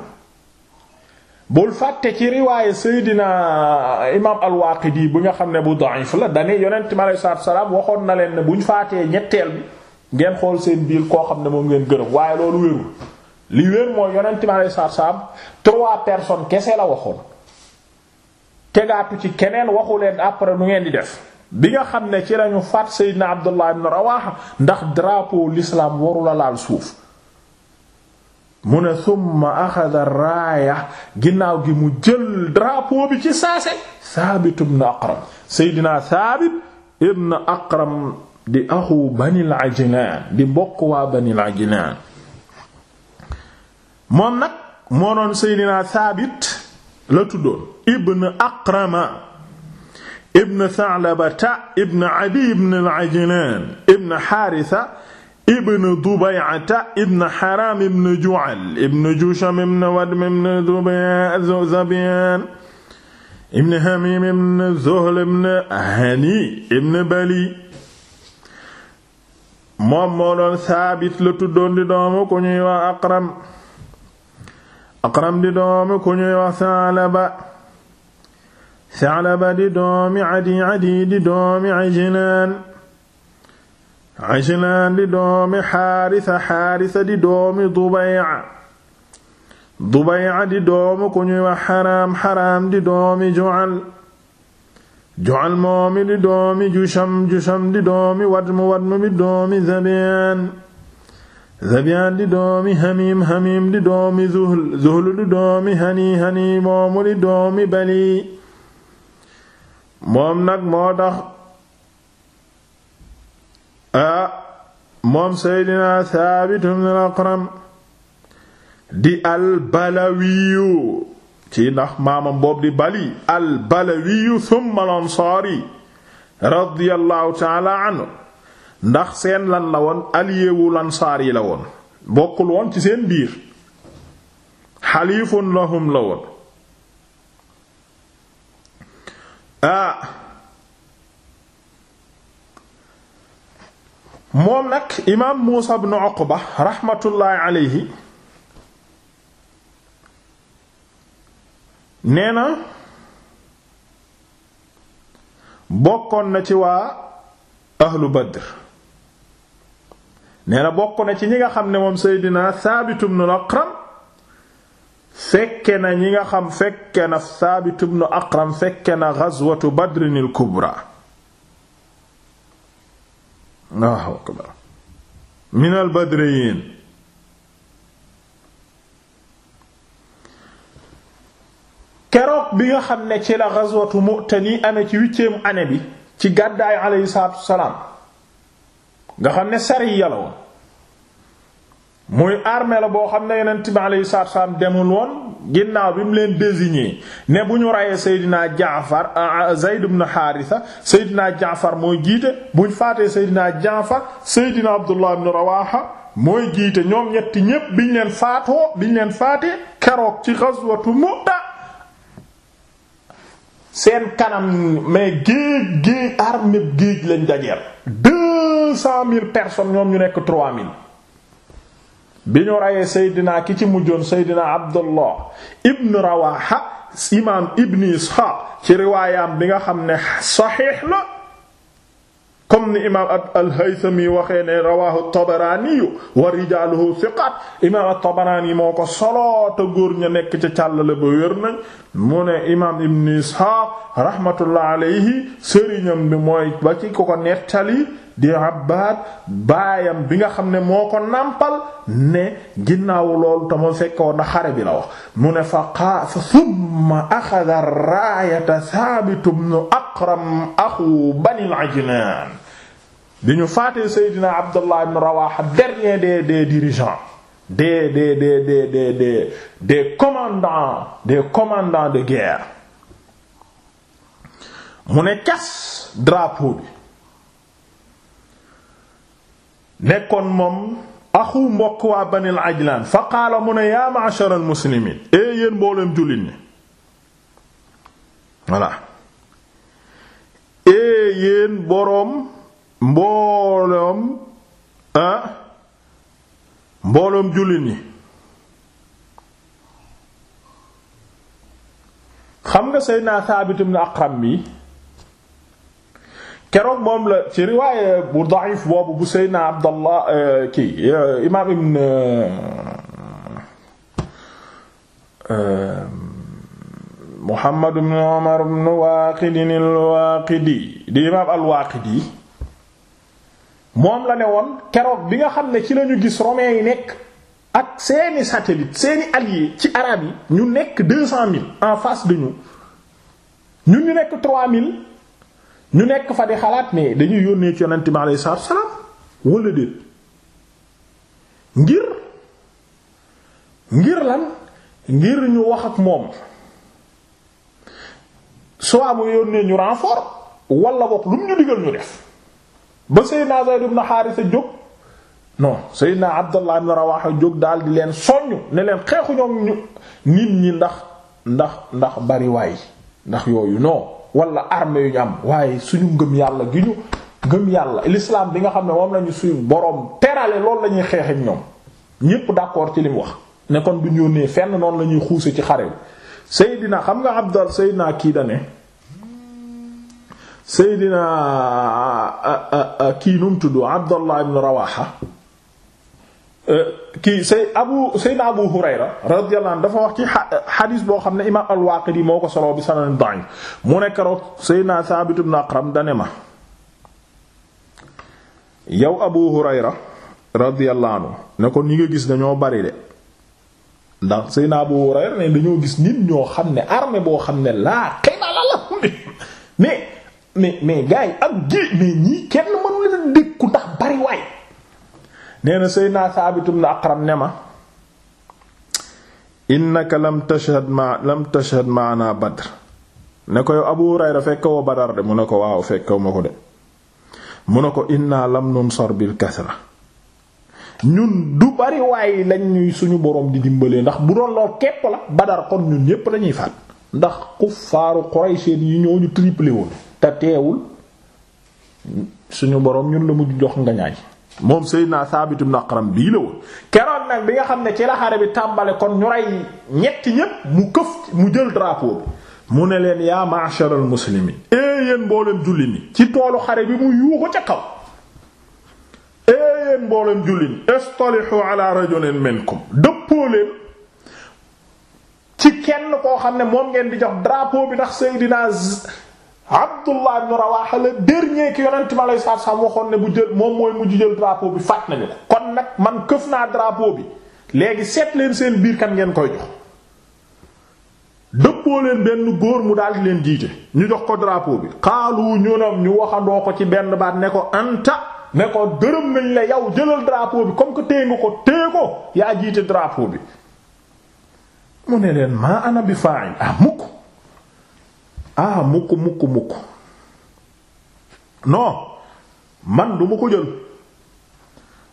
S1: bul fàtte ci riwaaye Seydina imaam al-Waaqidi bu nga xam ne bu da'if la dane yonent mi aleyhi salaatu salaam waxoon na leen ne bu ñu faatee ñetteel bi ngeen xool seen biir koo xam ne moom ngeen gërëm waaye loolu wérul li wér mooy yonent mi aleyhi salaatu salaam trois personnes kese la waxoon tegaatu ci keneen waxu leen après nu ngeen di def bi nga xam ne ci lañu faat Seydina Abdullah ibn ndax drapeau l'islam warula suuf mu ne thumma axada raaya ginnaaw gi mu jël drapeau bi ci saase Thabit ibn Aqram Seydina Thabit ibn Aqram di axu Banil Ajlan di mbokk waa Banil Ajlan moom nag moo doon Seydina Thabit la tuddoon ibn Aqrama ibn Sa'labata ibn Adi ibn al-Ajlan ibn Haritha ibn Dubay'ata ibn Haram ibn Ju'al ibn Jusham ibn Wadm ibn Zabyan ibn Hamim ibn Zuhl ibn Hani ibn Bali moom moo doon Saabit la tuddoon di doomu ku ñuy wax Aqram Aqram di doomu ku ñuy wax Sa'laba Sa'laba di doomi Adi Adi di doomi Ajlaan Ajlaan di doomi Xaarisa Xaarisa di doomi Dubay'a Dubay'a di doomi ku ñuy wax Xaraam Xaraam di doomi Ju'al Ju'al moomi di doomi Jusham Jusham di doomi Wadm Wadm di doomi Zabiyaan Zabiyaan di doomi Hamiim Hamiim di doomi Zuhl Zuhl di doomi Hani Hani moomu di doomi Bali moom nag moo tax a moom seydina Saabit ibn al-Aqram di albalawiyu ci ndax maamam boobu di bali albalawiyu thumma al-Ansaari radiyallahu taala anhu ndax seen lan la woon aliyewu lansaar yi la woon bokkul woon ci seen biir xaliifun lahum la woon Ah. moom nag imaam Muusa ibn Uqba raxmatullaahi alayhi nee na bokkoon na ci waa ahlu Badr nee na bokkoon na ci ñi nga xam ne moom Seydina Saabit ibn al fekke na ñi nga xam fekke na Saabit ibn Aqram fekke na ghazwatu Badrin al-Kubra Allahu keroog bi nga xam ne ci la ghazwatu Mu'tani amee ci huitième année bi ci gàddaay alayhi salaatu wa salaam nga xam ne sariya la woon muy armée boo xam ne yonent bi alayhi salaatu wasallam demul woon ginnaaw bi mu leen désigné ne bu ñu reyee Seydina Jaafar euh, Zayd ibn Haarisa Seydina Jaafar mooy jiite bu ñu faatee Seydina Jaafar Seydina Abdullah ibn Rawaaha mooy jiite ñoom ñetti ñépp biñ leen faatoo biñ leen faatee kerook ci ghazwatu Mu'ta seen kanam mais géej géej armée géej lañ dajeel deux cent mille personnes ñoom ñu nekk trois mille bi ñu reyee seydina ki ci mujjoon seydina abdullah ibn rawaha imaam ibn isxaaq ci riwaayaam bi nga xam ne saxiix la comme ni imaam al-Haythami waxee ne rawaahu Tabaraani wa rijaaluhu thiqaat imaam at-Tabaraani moo ko solo góor ña nekk ca càllale ba wér nañ mu ne imaam Ibn Ishaaq rahmatullah alayhi sëriñam bi mooy ba ci ko ko nettali di Abbad baayam bi nga xam ne moo ko nàmpal ne ginnaaw loolu tama fekkoon na xare bi la wax mu ne fa qaa fa thumma axada raayata Thabit ibn Aqram axu Bani al-Ajlan bi ñu faatee Seydina Abdullah ibn Rawaha dernier des des dirigeants des des des des des des des commandants des commandants de guerre mu ne cas drapeau bi nekkoon moom axu mbokk waa banil ajlaan fa qaala mu ne yaa ma'shar al muslimiin ee eh, yéen mboolem jullit ñi voilà ee eh, yéen boroom mbooloom ah mbooloom jullit ñi xam nga Seydina Saabit ibn Aqram bi keroog moom la ci riwaaye bu da'if boobu bu Seydina Abdallah eh, kii eh, imaam ibn eh, Muhammad ibn Umar ibn Waaqid al-Waaqidi di imaam al moom la ne woon keroog bi nga xam ne ci lañu gis romains yi nekk ak seeni satelit seeni alliés ci arab yi ñu nekk deux cent en face de ñu ñun ñu nekk trois mille ñu nekk fa di xalaat ne dañuy yónnee ci yonent bi alayhi salaatu salaam wala déet ngir ngir lan ngir ñu wax ak moom soo mu yónnee ñu renfort wala boog lu mu ñu digal ñu def ba Seydina Zayd ibn Haarisa jóg non Seydina Abdallah ibn Rawaha jóg daal di leen soññ ne leen xeexu ñoom ñu nit ñi ndax ndax ndax bariwaay ndax yooyu non. wala armée yu ñu am waaye suñu ngëm yàlla gi ñu ngëm yàlla lislaam bi nga xam ne moom lañu suñu boroom terale lool la ñuy xeex ak ñoom ñépp d'accord ci li wax ne kon ñu yónnee fenn noonu la ñuy xuuse ci xare bi Seydina xam nga Abdal Seydina kii da ne Seydina kii nu mu tudd Abdallah ibn Rawaha Euh, kii say abu saydna abu hurayra radiyallahu dafa wax ci xadis boo xam ne imam al-Waaqidi moo ko soloo bi sanad da'if mu nekk roog saydna Saabit ibn Aqram dane ma yow abu hurayra radiyallahu ne ko ñi nga gis dañoo bari de ndax saydna abu hurayra ne dañoo gis nit ñoo xam ne armée boo xam ne laa xibala lahum bi mais mais mais gars yi am gé mais ñii kenn mënu leen dékku ndax bari waay nee na Seydina Saabit ibn Aqram ne ma innaka lam tashhad lam tashhad maana Badr ne ko yow Abu Hurayra fekkewoo Badar de mu ne ko waaw fekkewu ko de mu ne ko inna lam nunsar bil kasra ñun du bari waaye lañ ñuy suñu boroom di dimbalee ndax bu doon lool képp la Badar kon ñun ñépp lañuy faat ndax kuffaaru Quraysh yi ñoo ñu triplé woon te teewul suñu boroom ñun la mujj jox ngañaay moom Seydina Saabit ibn Aqram bii la woon keroon nag bi nga xam ne ci la xare bi tàmbale kon ñu rey ñetti ñépp mu këf mu jël drapeau bi mu ne leen yaa ma'sharal muslimiin ee eh yéen mboolem julli ni ci toolu xare bi mu yuuxu ca kaw ee eh yéen mboolem julli ni istalihu ala rajulin minkum dëppoo leen ci kenn koo xam ne moom ngeen di jox drapeau bi ndax Seydina Abdullah ibn Rawaha le dernier ki yonent mi alayhi salaatu salaam waxoon ne bu jël moom mooy mujj jël drapeau bi faat nañu ko kon nag man këf naa drapeau bi léegi seet leen seen biir kan ngeen koy jox dëppoo leen benn góor mu daal di leen jiite ñu jox ko drapo bi xaalu ñunam ñu waxandoo ko ci benn baat ne ko anta ne ko gërëm nañ la yow jëlal drapo bi comme que téye nga ko téye ko yaa jiite drapeau bi mu ne leen maa ana bi fa'il amuk ah, ah mukk mukk mukk non man duma ko jël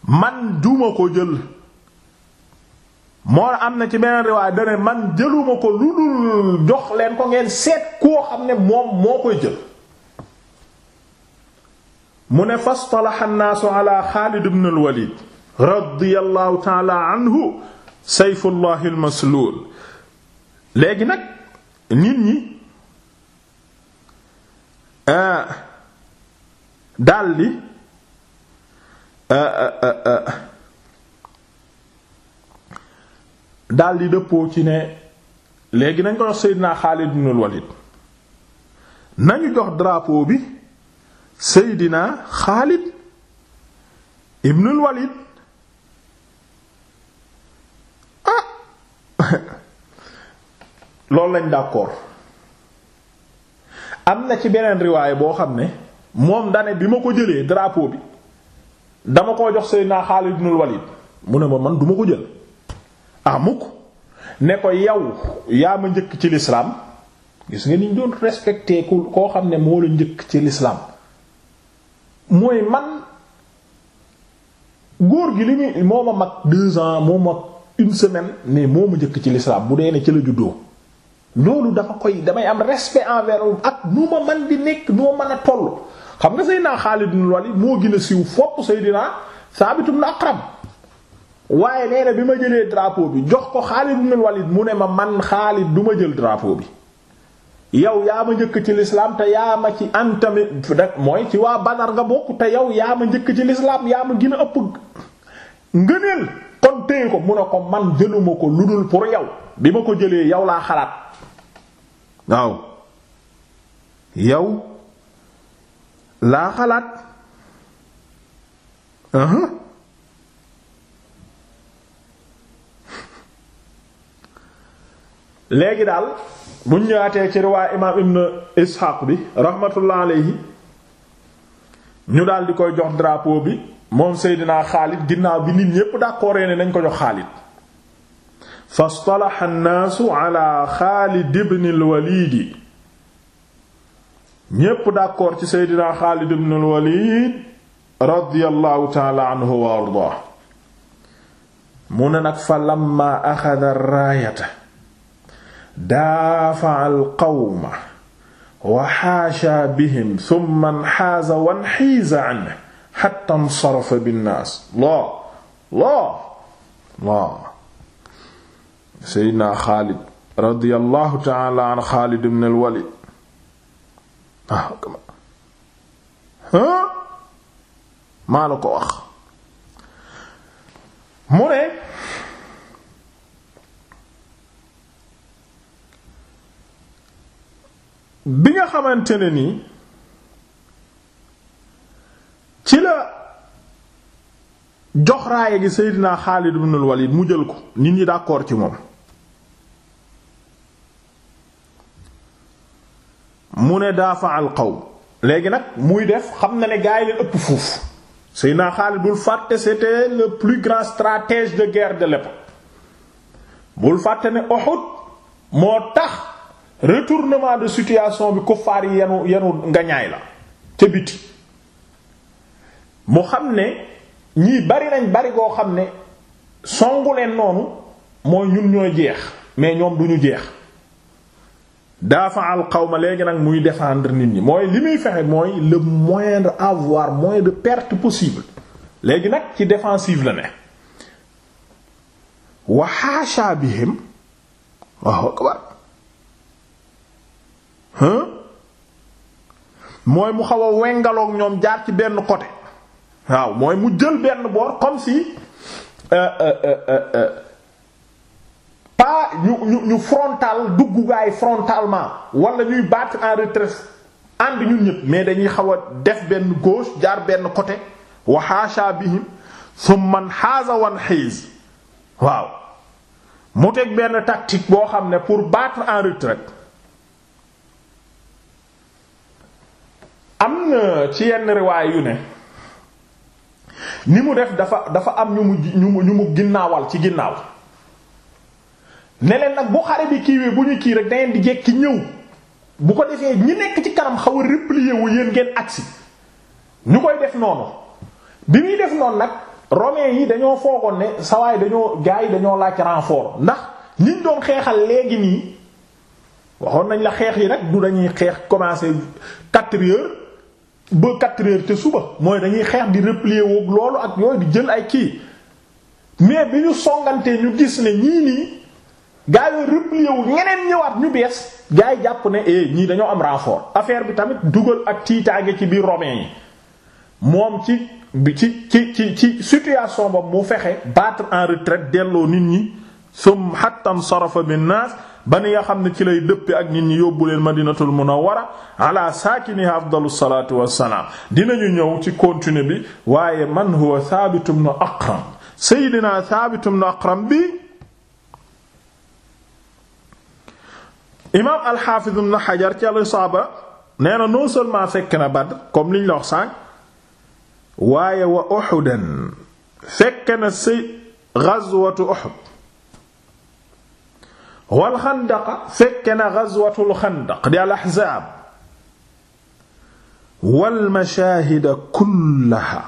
S1: man juma ko jël moo am na ci beneen riwaay dane man jëluma ko lu dul jox leen ko ngeen seet koo xam ne moom moo koy jël mu ne fastalaxa nnaasu ala xaalid ibn al walid radiyallahu anhu sayfullahi al léegi nag nit ñi Euh, daldi euh, euh, daldi dëppoo ci ne léegi nañ ko jox Seydina Xaalid ibnul Walid nañu jox drapeau bi Seydina xaalit ibnul Walid ah [LAUGHS] loolu lañ d'accord am na ci beneen riwaay boo xam ne moom dane bi ma ko jëlee drapeau bi dama koo jox Seydina Xaalid ibnul Walid mu ne ma man duma ko jël ah mukk ne ko yow yaa ma njëkk ci lislaam gis nga niñ doon respecté ku koo xam ne moo la njëkk ci lislaam mooy man góor gi li muy moo ma mag deux ans moo ma une semaine mais moo ma njëkk ci lislaam bu dee ne ci la juddoo loolu dafa koy damay am respect envers ak nu ma man bi nekk nu ma mën a toll xam nga Seydina Xaalid ibn Walid moo gin a siiw fopp Seydina Saabit ibn Aqram waaye nee na bi ma jëlee drapeau bi jox ko Xaalid ibn Walid mu ne ma man Xaalid du ma jël drapeau bi yow yaa ma njëkk ci lislaam te yaa ma ci antami mooy ci waa banaar nga bokk te yow yaa ma njëkk ci lislaam yaa ma gin a ëpp ngëneel kon téye ko mu ne ko man jëluma ko lu dul pour yow bi ma ko jëlee yow laa xalaat waaw yow laa xalaat léegi daal bu ñu ñëwaatee ci riwaay imaam ibn Ishaq bi rahmatullah alayhi ñu daal di koy jox drapeau bi moom Seydina Xaalid ginnaaw bi nit ñépp d'accord ne nañ ko jox Xaalid fastalaxa nnaasu ala Xaalid ibn al-Walid ñépp d'accord ci Seydina Xaalid ibn al-Walid radiyallahu ta'ala anhu wa ardaa mu ne nag fa lamma axada raayata daafa'a al-qawma wa xaasha bihim thumma nxaaza wa nxiiza anhu xatta nsarafa binnaas loo loo loo seydna xaalid radiyallahu taala an xaalid ibn al walid ah, maa la ko wax mu ne bi nga xamante ne nii ci la jox raaya gi Seydina Xaalid ibn al-Walid mu jël ko nit ñi d'accord ci moom mu ne daafa al léegi nag muy def xam na ne gaa yi leen ëpp foofu Seydina Xaalid bul fàtte c'était le plus grand stratège de guerre de l'époque bul fàtte ne Uhud moo tax retournement de situation bi kuffaar yi yenu yenu ngañaay la ca biti mu xam ne ñii bari nañ bari goo xam ne songu leen noonu mooy ñun ñooy jeex mais ñoom duñu jeex dafa al qawma léegi nag muy defendre nit ñi mooy li muy fexe mooy le moyen de avoir moyen de perte possible léegi nag ci défensive la ne wa haasha bihim mooy mu xaw a wengaloog ñoom jaar ci benn côté waaw mooy mu jël benn boor comme si euh, euh, euh, pas ñu ñu ñu frontal dugg gaay frontalement wala ñuy battre en retraite ànd ñun ñëpp mais dañuy xaw a def benn gauche jaar benn côté waxaasha bihim summan xaasa wan xiis waaw mu teg benn tactique boo xam ne pour battre en retraite am na ci yenn riwaay yu ne ni mu def dafa dafa am ñu mu ñu ñu mu ginnaawal ci ginnaaw ne nag bu xare bi kiiwee bu ñu kii rek dangeen di jekki ñëw bu ko defee ñi nekk ci kanam xaw a wu yéen ngeen agsi ñu koy def noonu bi muy def noonu nag romains yi dañoo foogoon ne sawaay dañoo gaa yi dañoo laaj renfort ndax ñiñ doon xeexal léegi nii waxoon nañ la xeex yi nag du dañuy xeex commencer quatre heures ba quatre heures te suba mooy dañuy xeex di replier woog loolu ak yooyu di jël ay kii mais bi ñu songantee ñu gis ne ñii nii gaa yooyu wu ñeneen ñëwaat ñu bees gaa jàpp ne eh ñii dañoo am renfort affaire bi tamit dugal ak tiitaange ci biir romain yi moom ci ci ci ci ci situation ba mu fexe battre en retraite delloo nit ñi sum hatta sarafa bin nas ba ni nga xam ne ci lay dëppe ak nit ñi yóbbu leen madinatul munawwara ala saakini afdalu salaatu wassalaam dinañu ñëw ci continuer bi waaye man huwa Thabit ibn Aqram Seydina Thabit ibn Aqram bi imaam al-Hafiz ibn Hajar ci al-Isaaba nee na non seulement fekk na Badr comme liñ la wax sànq waaye wa Uhudan fekk na si ghazwatu wal xandaqa fekke na gazwatul xandaq di al ahzaab wal mashaahida kullaha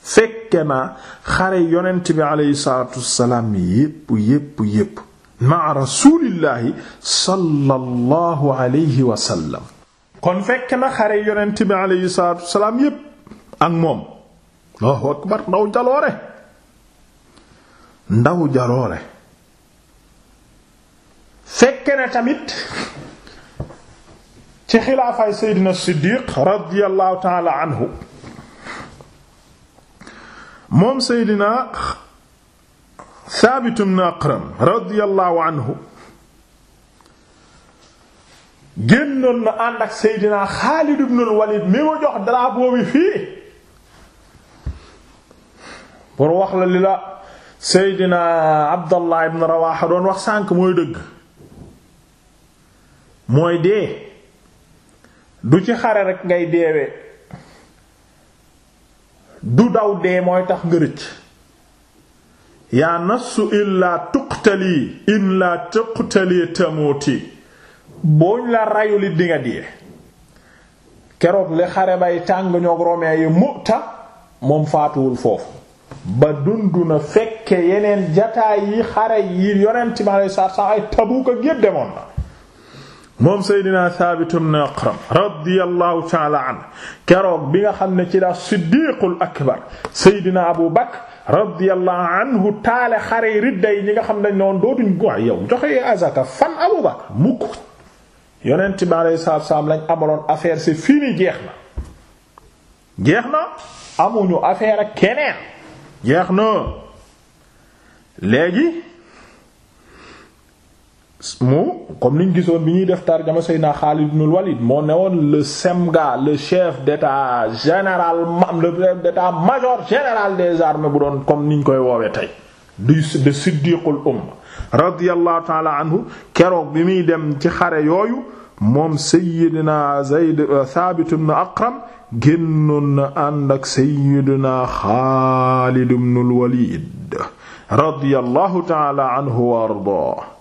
S1: fekke na xare yonent bi aleyhi salaatu wassalaam yépp yépp yépp ma rasuulillaahi sallallahu alayhi wa sallam kon fekke na xare yonent bi aleyhi salaatu wassalaam yépp ak moom Allahu akbar ndaw jaloore ndaw jaloore fekke na tamit ci xilaafaay Seydina Siddiq radiyallahu taala anhu moom Seydina Thabit ibn Aqram radiyallahu anhu génnoon na ànd ak Seydina Xaalid ibn al-Walid mi ma jox drapeau bi fii pour wax la li la Seydina Abdallah ibn Rawaha doon wax sànk mooy dëgg mooy dee du ci xare rekk ngay deewee du daw dee mooy tax nga rëcc yaa nafsu illaa tuqtali in laa tuqtali tamuuti booñ la rayuli dinga dee keroog li xare bay tàng ñoog romee yi mu'ta moom faatuwul foofu ba dundu na fekke yeneen jataay yi xare yi yonent ma lay saar sax ay Tabuuk ak yépp demoon na moom Seydina Thabit ibn Aqram radiyallahu ta'ala an keroog bi nga xam ne ci la Siddiqul Akbar Seydina Abu Bakr radiyallahu anhu taale xare yi ridda ñi nga xam ne noonu dootuñ waaye yow joxe azaka fan Abu Bakr mukk yonent bi alayhi salaatu salaam lañ amaloon affaire c'est fini jeex na jeex na amuñu affaire ak keneen jeex na léegi mu comme niñ gisoon bi ñuy def tarjama Seydina Xaalid ibn Walid moo newoon le semga le chef d'état général le chef d'état major général des armées bu doon comme niñ koy woowee tey du de siddiqul umma radiyallahu taala anhu keroog bi muy dem ci xare yooyu moom Seydina Zayd euh, Thabit ibn Aqram génnoon na ak Seydina Xaalid ibn Walid radiyallahu taala anhu wa ardaa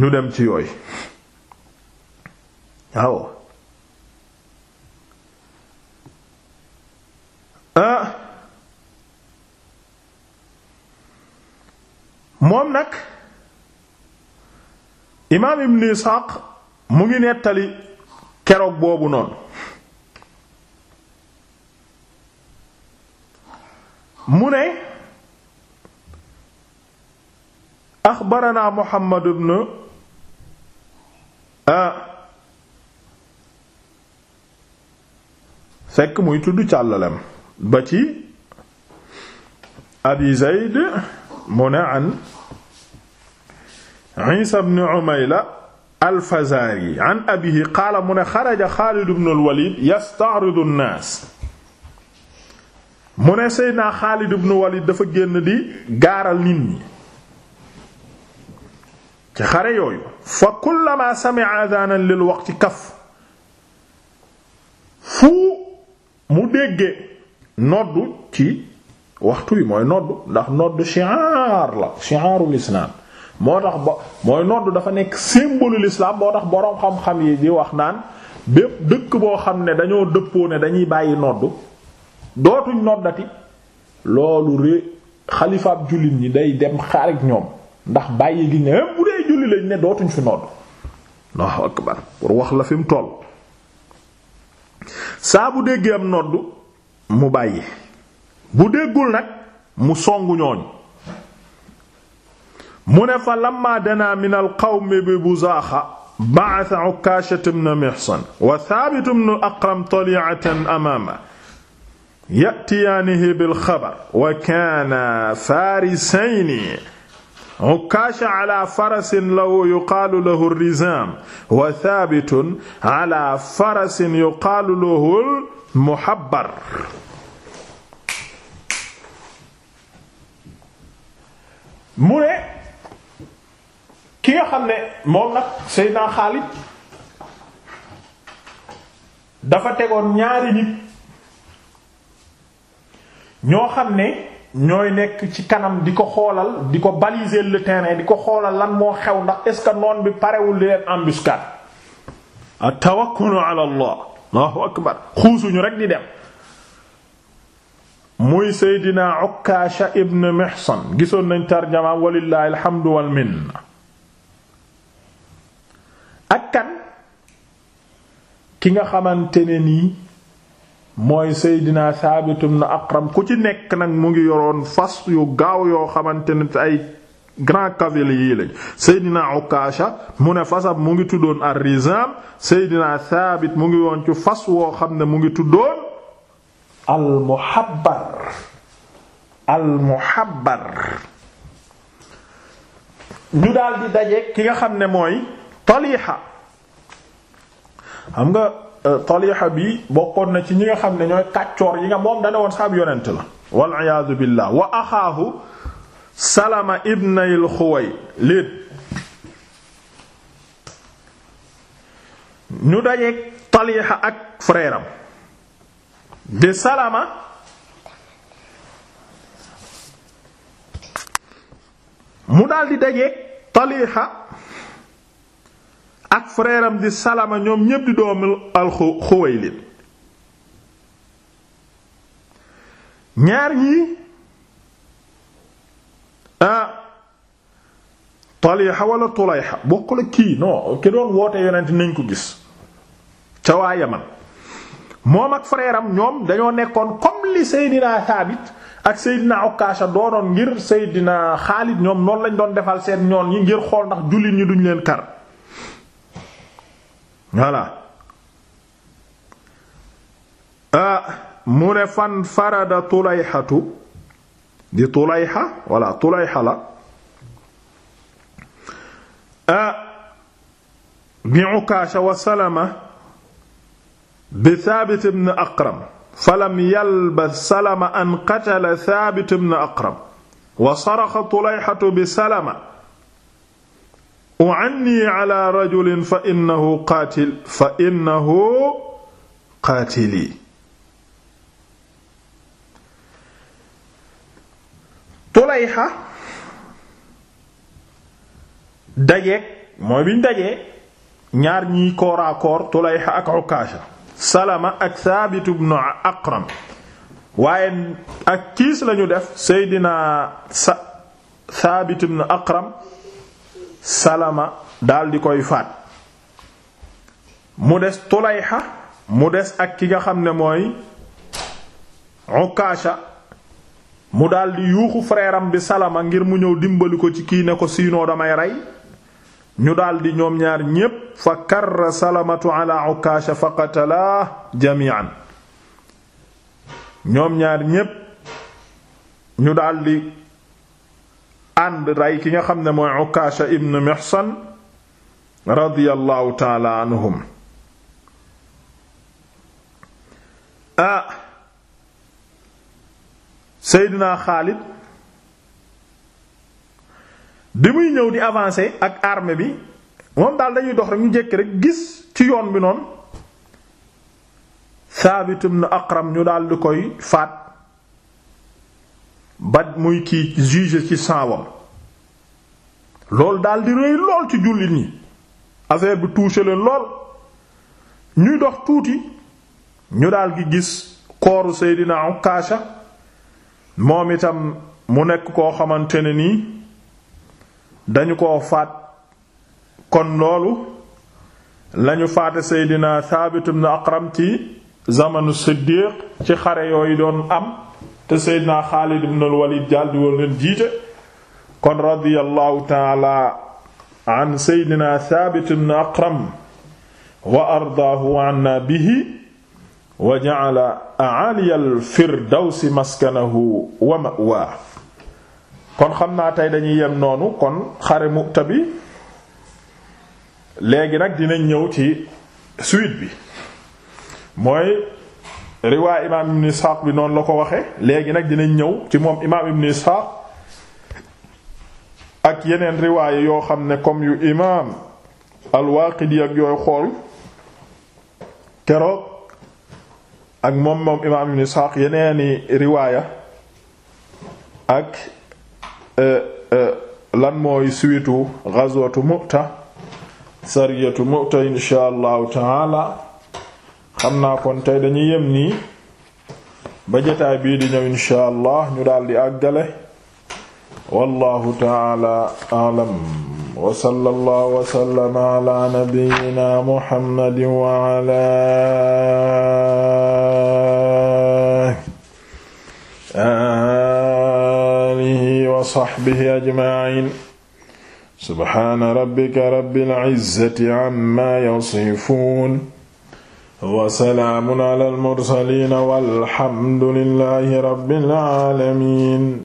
S1: ñu dem ci yooyu waaw ah moom nag bi Ibn Ishaq mu ngi nettali keroog boobu noonu mu ne axbaranaa Muhammad ibn Ah. fekk muy tudd càllalem ba ci abi zayd mu ne an isa bni umayla alfazaari an abihi mu ne xaraja xaalid bnu alwalid yastaaridu nnaas mu ne seydna xaalid bnu walid dafa génn di gaaral nit ñi ci xare yooyu fa sami sami'a adaanan lil waqti kaf fu mu dégge nodd ci waxtu wi mooy nodd ndax nodd shi'ar la shi'arul islam moo tax ba noddu dafa nekk symbole l'islam moo tax boroom xam-xam yi di wax naan bépp dëkk boo xam ne dañoo dëppoo ne dañuy bàyyi nodd dootuñ noddati loolu ré xalifaab jullit ñi day dem xaar ñoom ndax bàyyi gi ne bu bëri lañ ne dootuñ fi nodd Allahu akbar pour wax la fi mu toll saa bu déggee am nodd mu bàyyi bu déggul nag mu songu ñooñ mu ne fa lamma dana min al qawmi bi buzaaxa ba'atha Ukkaasha ibn Mihsan wa Thaabit ibn Aqram tali'atan amaama ya'tiyaanihi bil xabar wa kaana faarisayni Ukkaasha ala farasin lahu yuqaalu lahu rizaam wa thaabitun ala farasin yuqaalu lahu muhabbar. mu ne ki nga xam ne moom nag Seydina Xaalid dafa tegoon ñaari nit ñoo xam ne. ñooy nekk ci kanam di ko xoolal di ko baliser le terrain di ko xoolal lan moo xew ndax est ce noon bi parewul di leen embuscade at tawakkulu rek di dem muy seydina ukkaasha gisoon nañ tarjamaam walillahi alhamdu wal minna ak kan ki nga xamante nii mooy Seydina Saabit ibn Aqram ku ci nekk nag mu ngi yoroon fas yu gaaw yoo xamante ne ay grand cavalier lañ Seydina Ukaasha mu ne fasab mu ngi tuddoon ar-Rizaam Seydina mu ngi woon ci fas woo xam ne mu ngi tuddoon al-Muhabbar al-Muhabbar ñu daal di daje ki nga xam ne mooy Taliha xam nga taliha bi bokkoon na ci ñi nga xam ne ñooy kàccoor yi nga moom dana woon saab yonent la wal iyaadu billah wa axaahu salama ibnayil xuwaylid ñu dajeeg taliha ak frère am salama mu daldi dajeeg taliha ak freeram am di salama ñoom ñépp di doomu alxuwaylid ñaar ñi ah taliha wala tulayha bokkul ak kii non ki doon woote yonent nañ ko gis ca waa Yaman moom ak frère ñoom dañoo nekkoon comme li Seydina Thabit ak Seydina Okasha doonoon ngir Seydina Khalid ñoom noonu lañ doon defal seen ñoon ñi ngir xool ndax jullit ñi duñ leen kar voilà ah mu ne fan farada tulayxatu di tulayxa voilà tulayxa la ah bi ukaasha wa salama bi thabit ibn aqram falam yalbas salama an qatala thabit ibn aqram wa saraxa tulayxatu bi salama u'anni ala fa innahu qaatil dajeek mooy biñ dajee ñaar ñiy kooraakoor Tulayha ak Ukaasha Salama ak Saabit ibn Aqram waaye ak kiis lañu def Seydina Saabit ibn Aqram salama daldi koy faat mu des tulayxa mu des ak ki nga xam ne mooy ukaasha mu daldi yuuxu frère bi salama ngir mu ñëw dimbali ko ci kii ne ko siinoo damay rey ñu daldi ñoom ñaar ñépp fa karra salamatu ala ukaasha fa qatalaa jamii'an ñoom ñaar ñépp ñu daldi ànd rey ki nga xam ne mooy Ukaasha ibn Mihsan radiyallahu taala anhum ah Seydina Xaalid bi muy ñëw di avancé ak armée bi moom daal dañuy dox rek ñu jekk rek gis ci yoon bi noon Saabit ibn Aqram ñu daal di koy faat bat muy kii juge ci saawam loolu daldi di rëy lool ci jullit ñi affaire bi touché leen lool ñuy dox tuuti ñu daal di gis kooru Seydina Ukaasha moom itam mu nekk koo xamante ne nii dañu ko faat kon loolu lañu faate Seydina Thabit ibn Aqram ci zamanu Siddiq ci xare yooyu doon am te Seydina Xaalid ibn al-Walid daal di woon leen jiite kon radiyallahu taala an Thabit ibn Aqram wa ardaahu wa anna bihi wa ja'ala a'ali al-firdawsi wa ma'waa kon xam naa tey dañuy yem noonu kon xare Mu'ta bi léegi nag dina ñëw ci suite bi riwaay imaam ibn Ishaq bi noonu la ko waxee léegi nag dinañ ñëw ci moom imaam ibn Ishaq ak yeneen riwaay yoo xam ne comme yu imaam al-Waaqidi ak yooyu xool keroog ak moom moom imaam ibn Ishaq yeneeni riwaaya ak euh, euh, lan mooy suitu ghazwatu Mu'ta sariyatu Mu'ta insha allahu taala xam naa kon tey dañuy yem nii ba jotaay bii di ñëw inshaa allah ñu daldi àggale wallahu taala aalam wa sallallahu wa sallama ala nabiyyina muhammadin wa ala alihi wa sahbihi ajma'in subhana rabbika rabbil izzati amma yasifun wasalaamun ala almursaliin walhamdulillahi rabbil aalamiin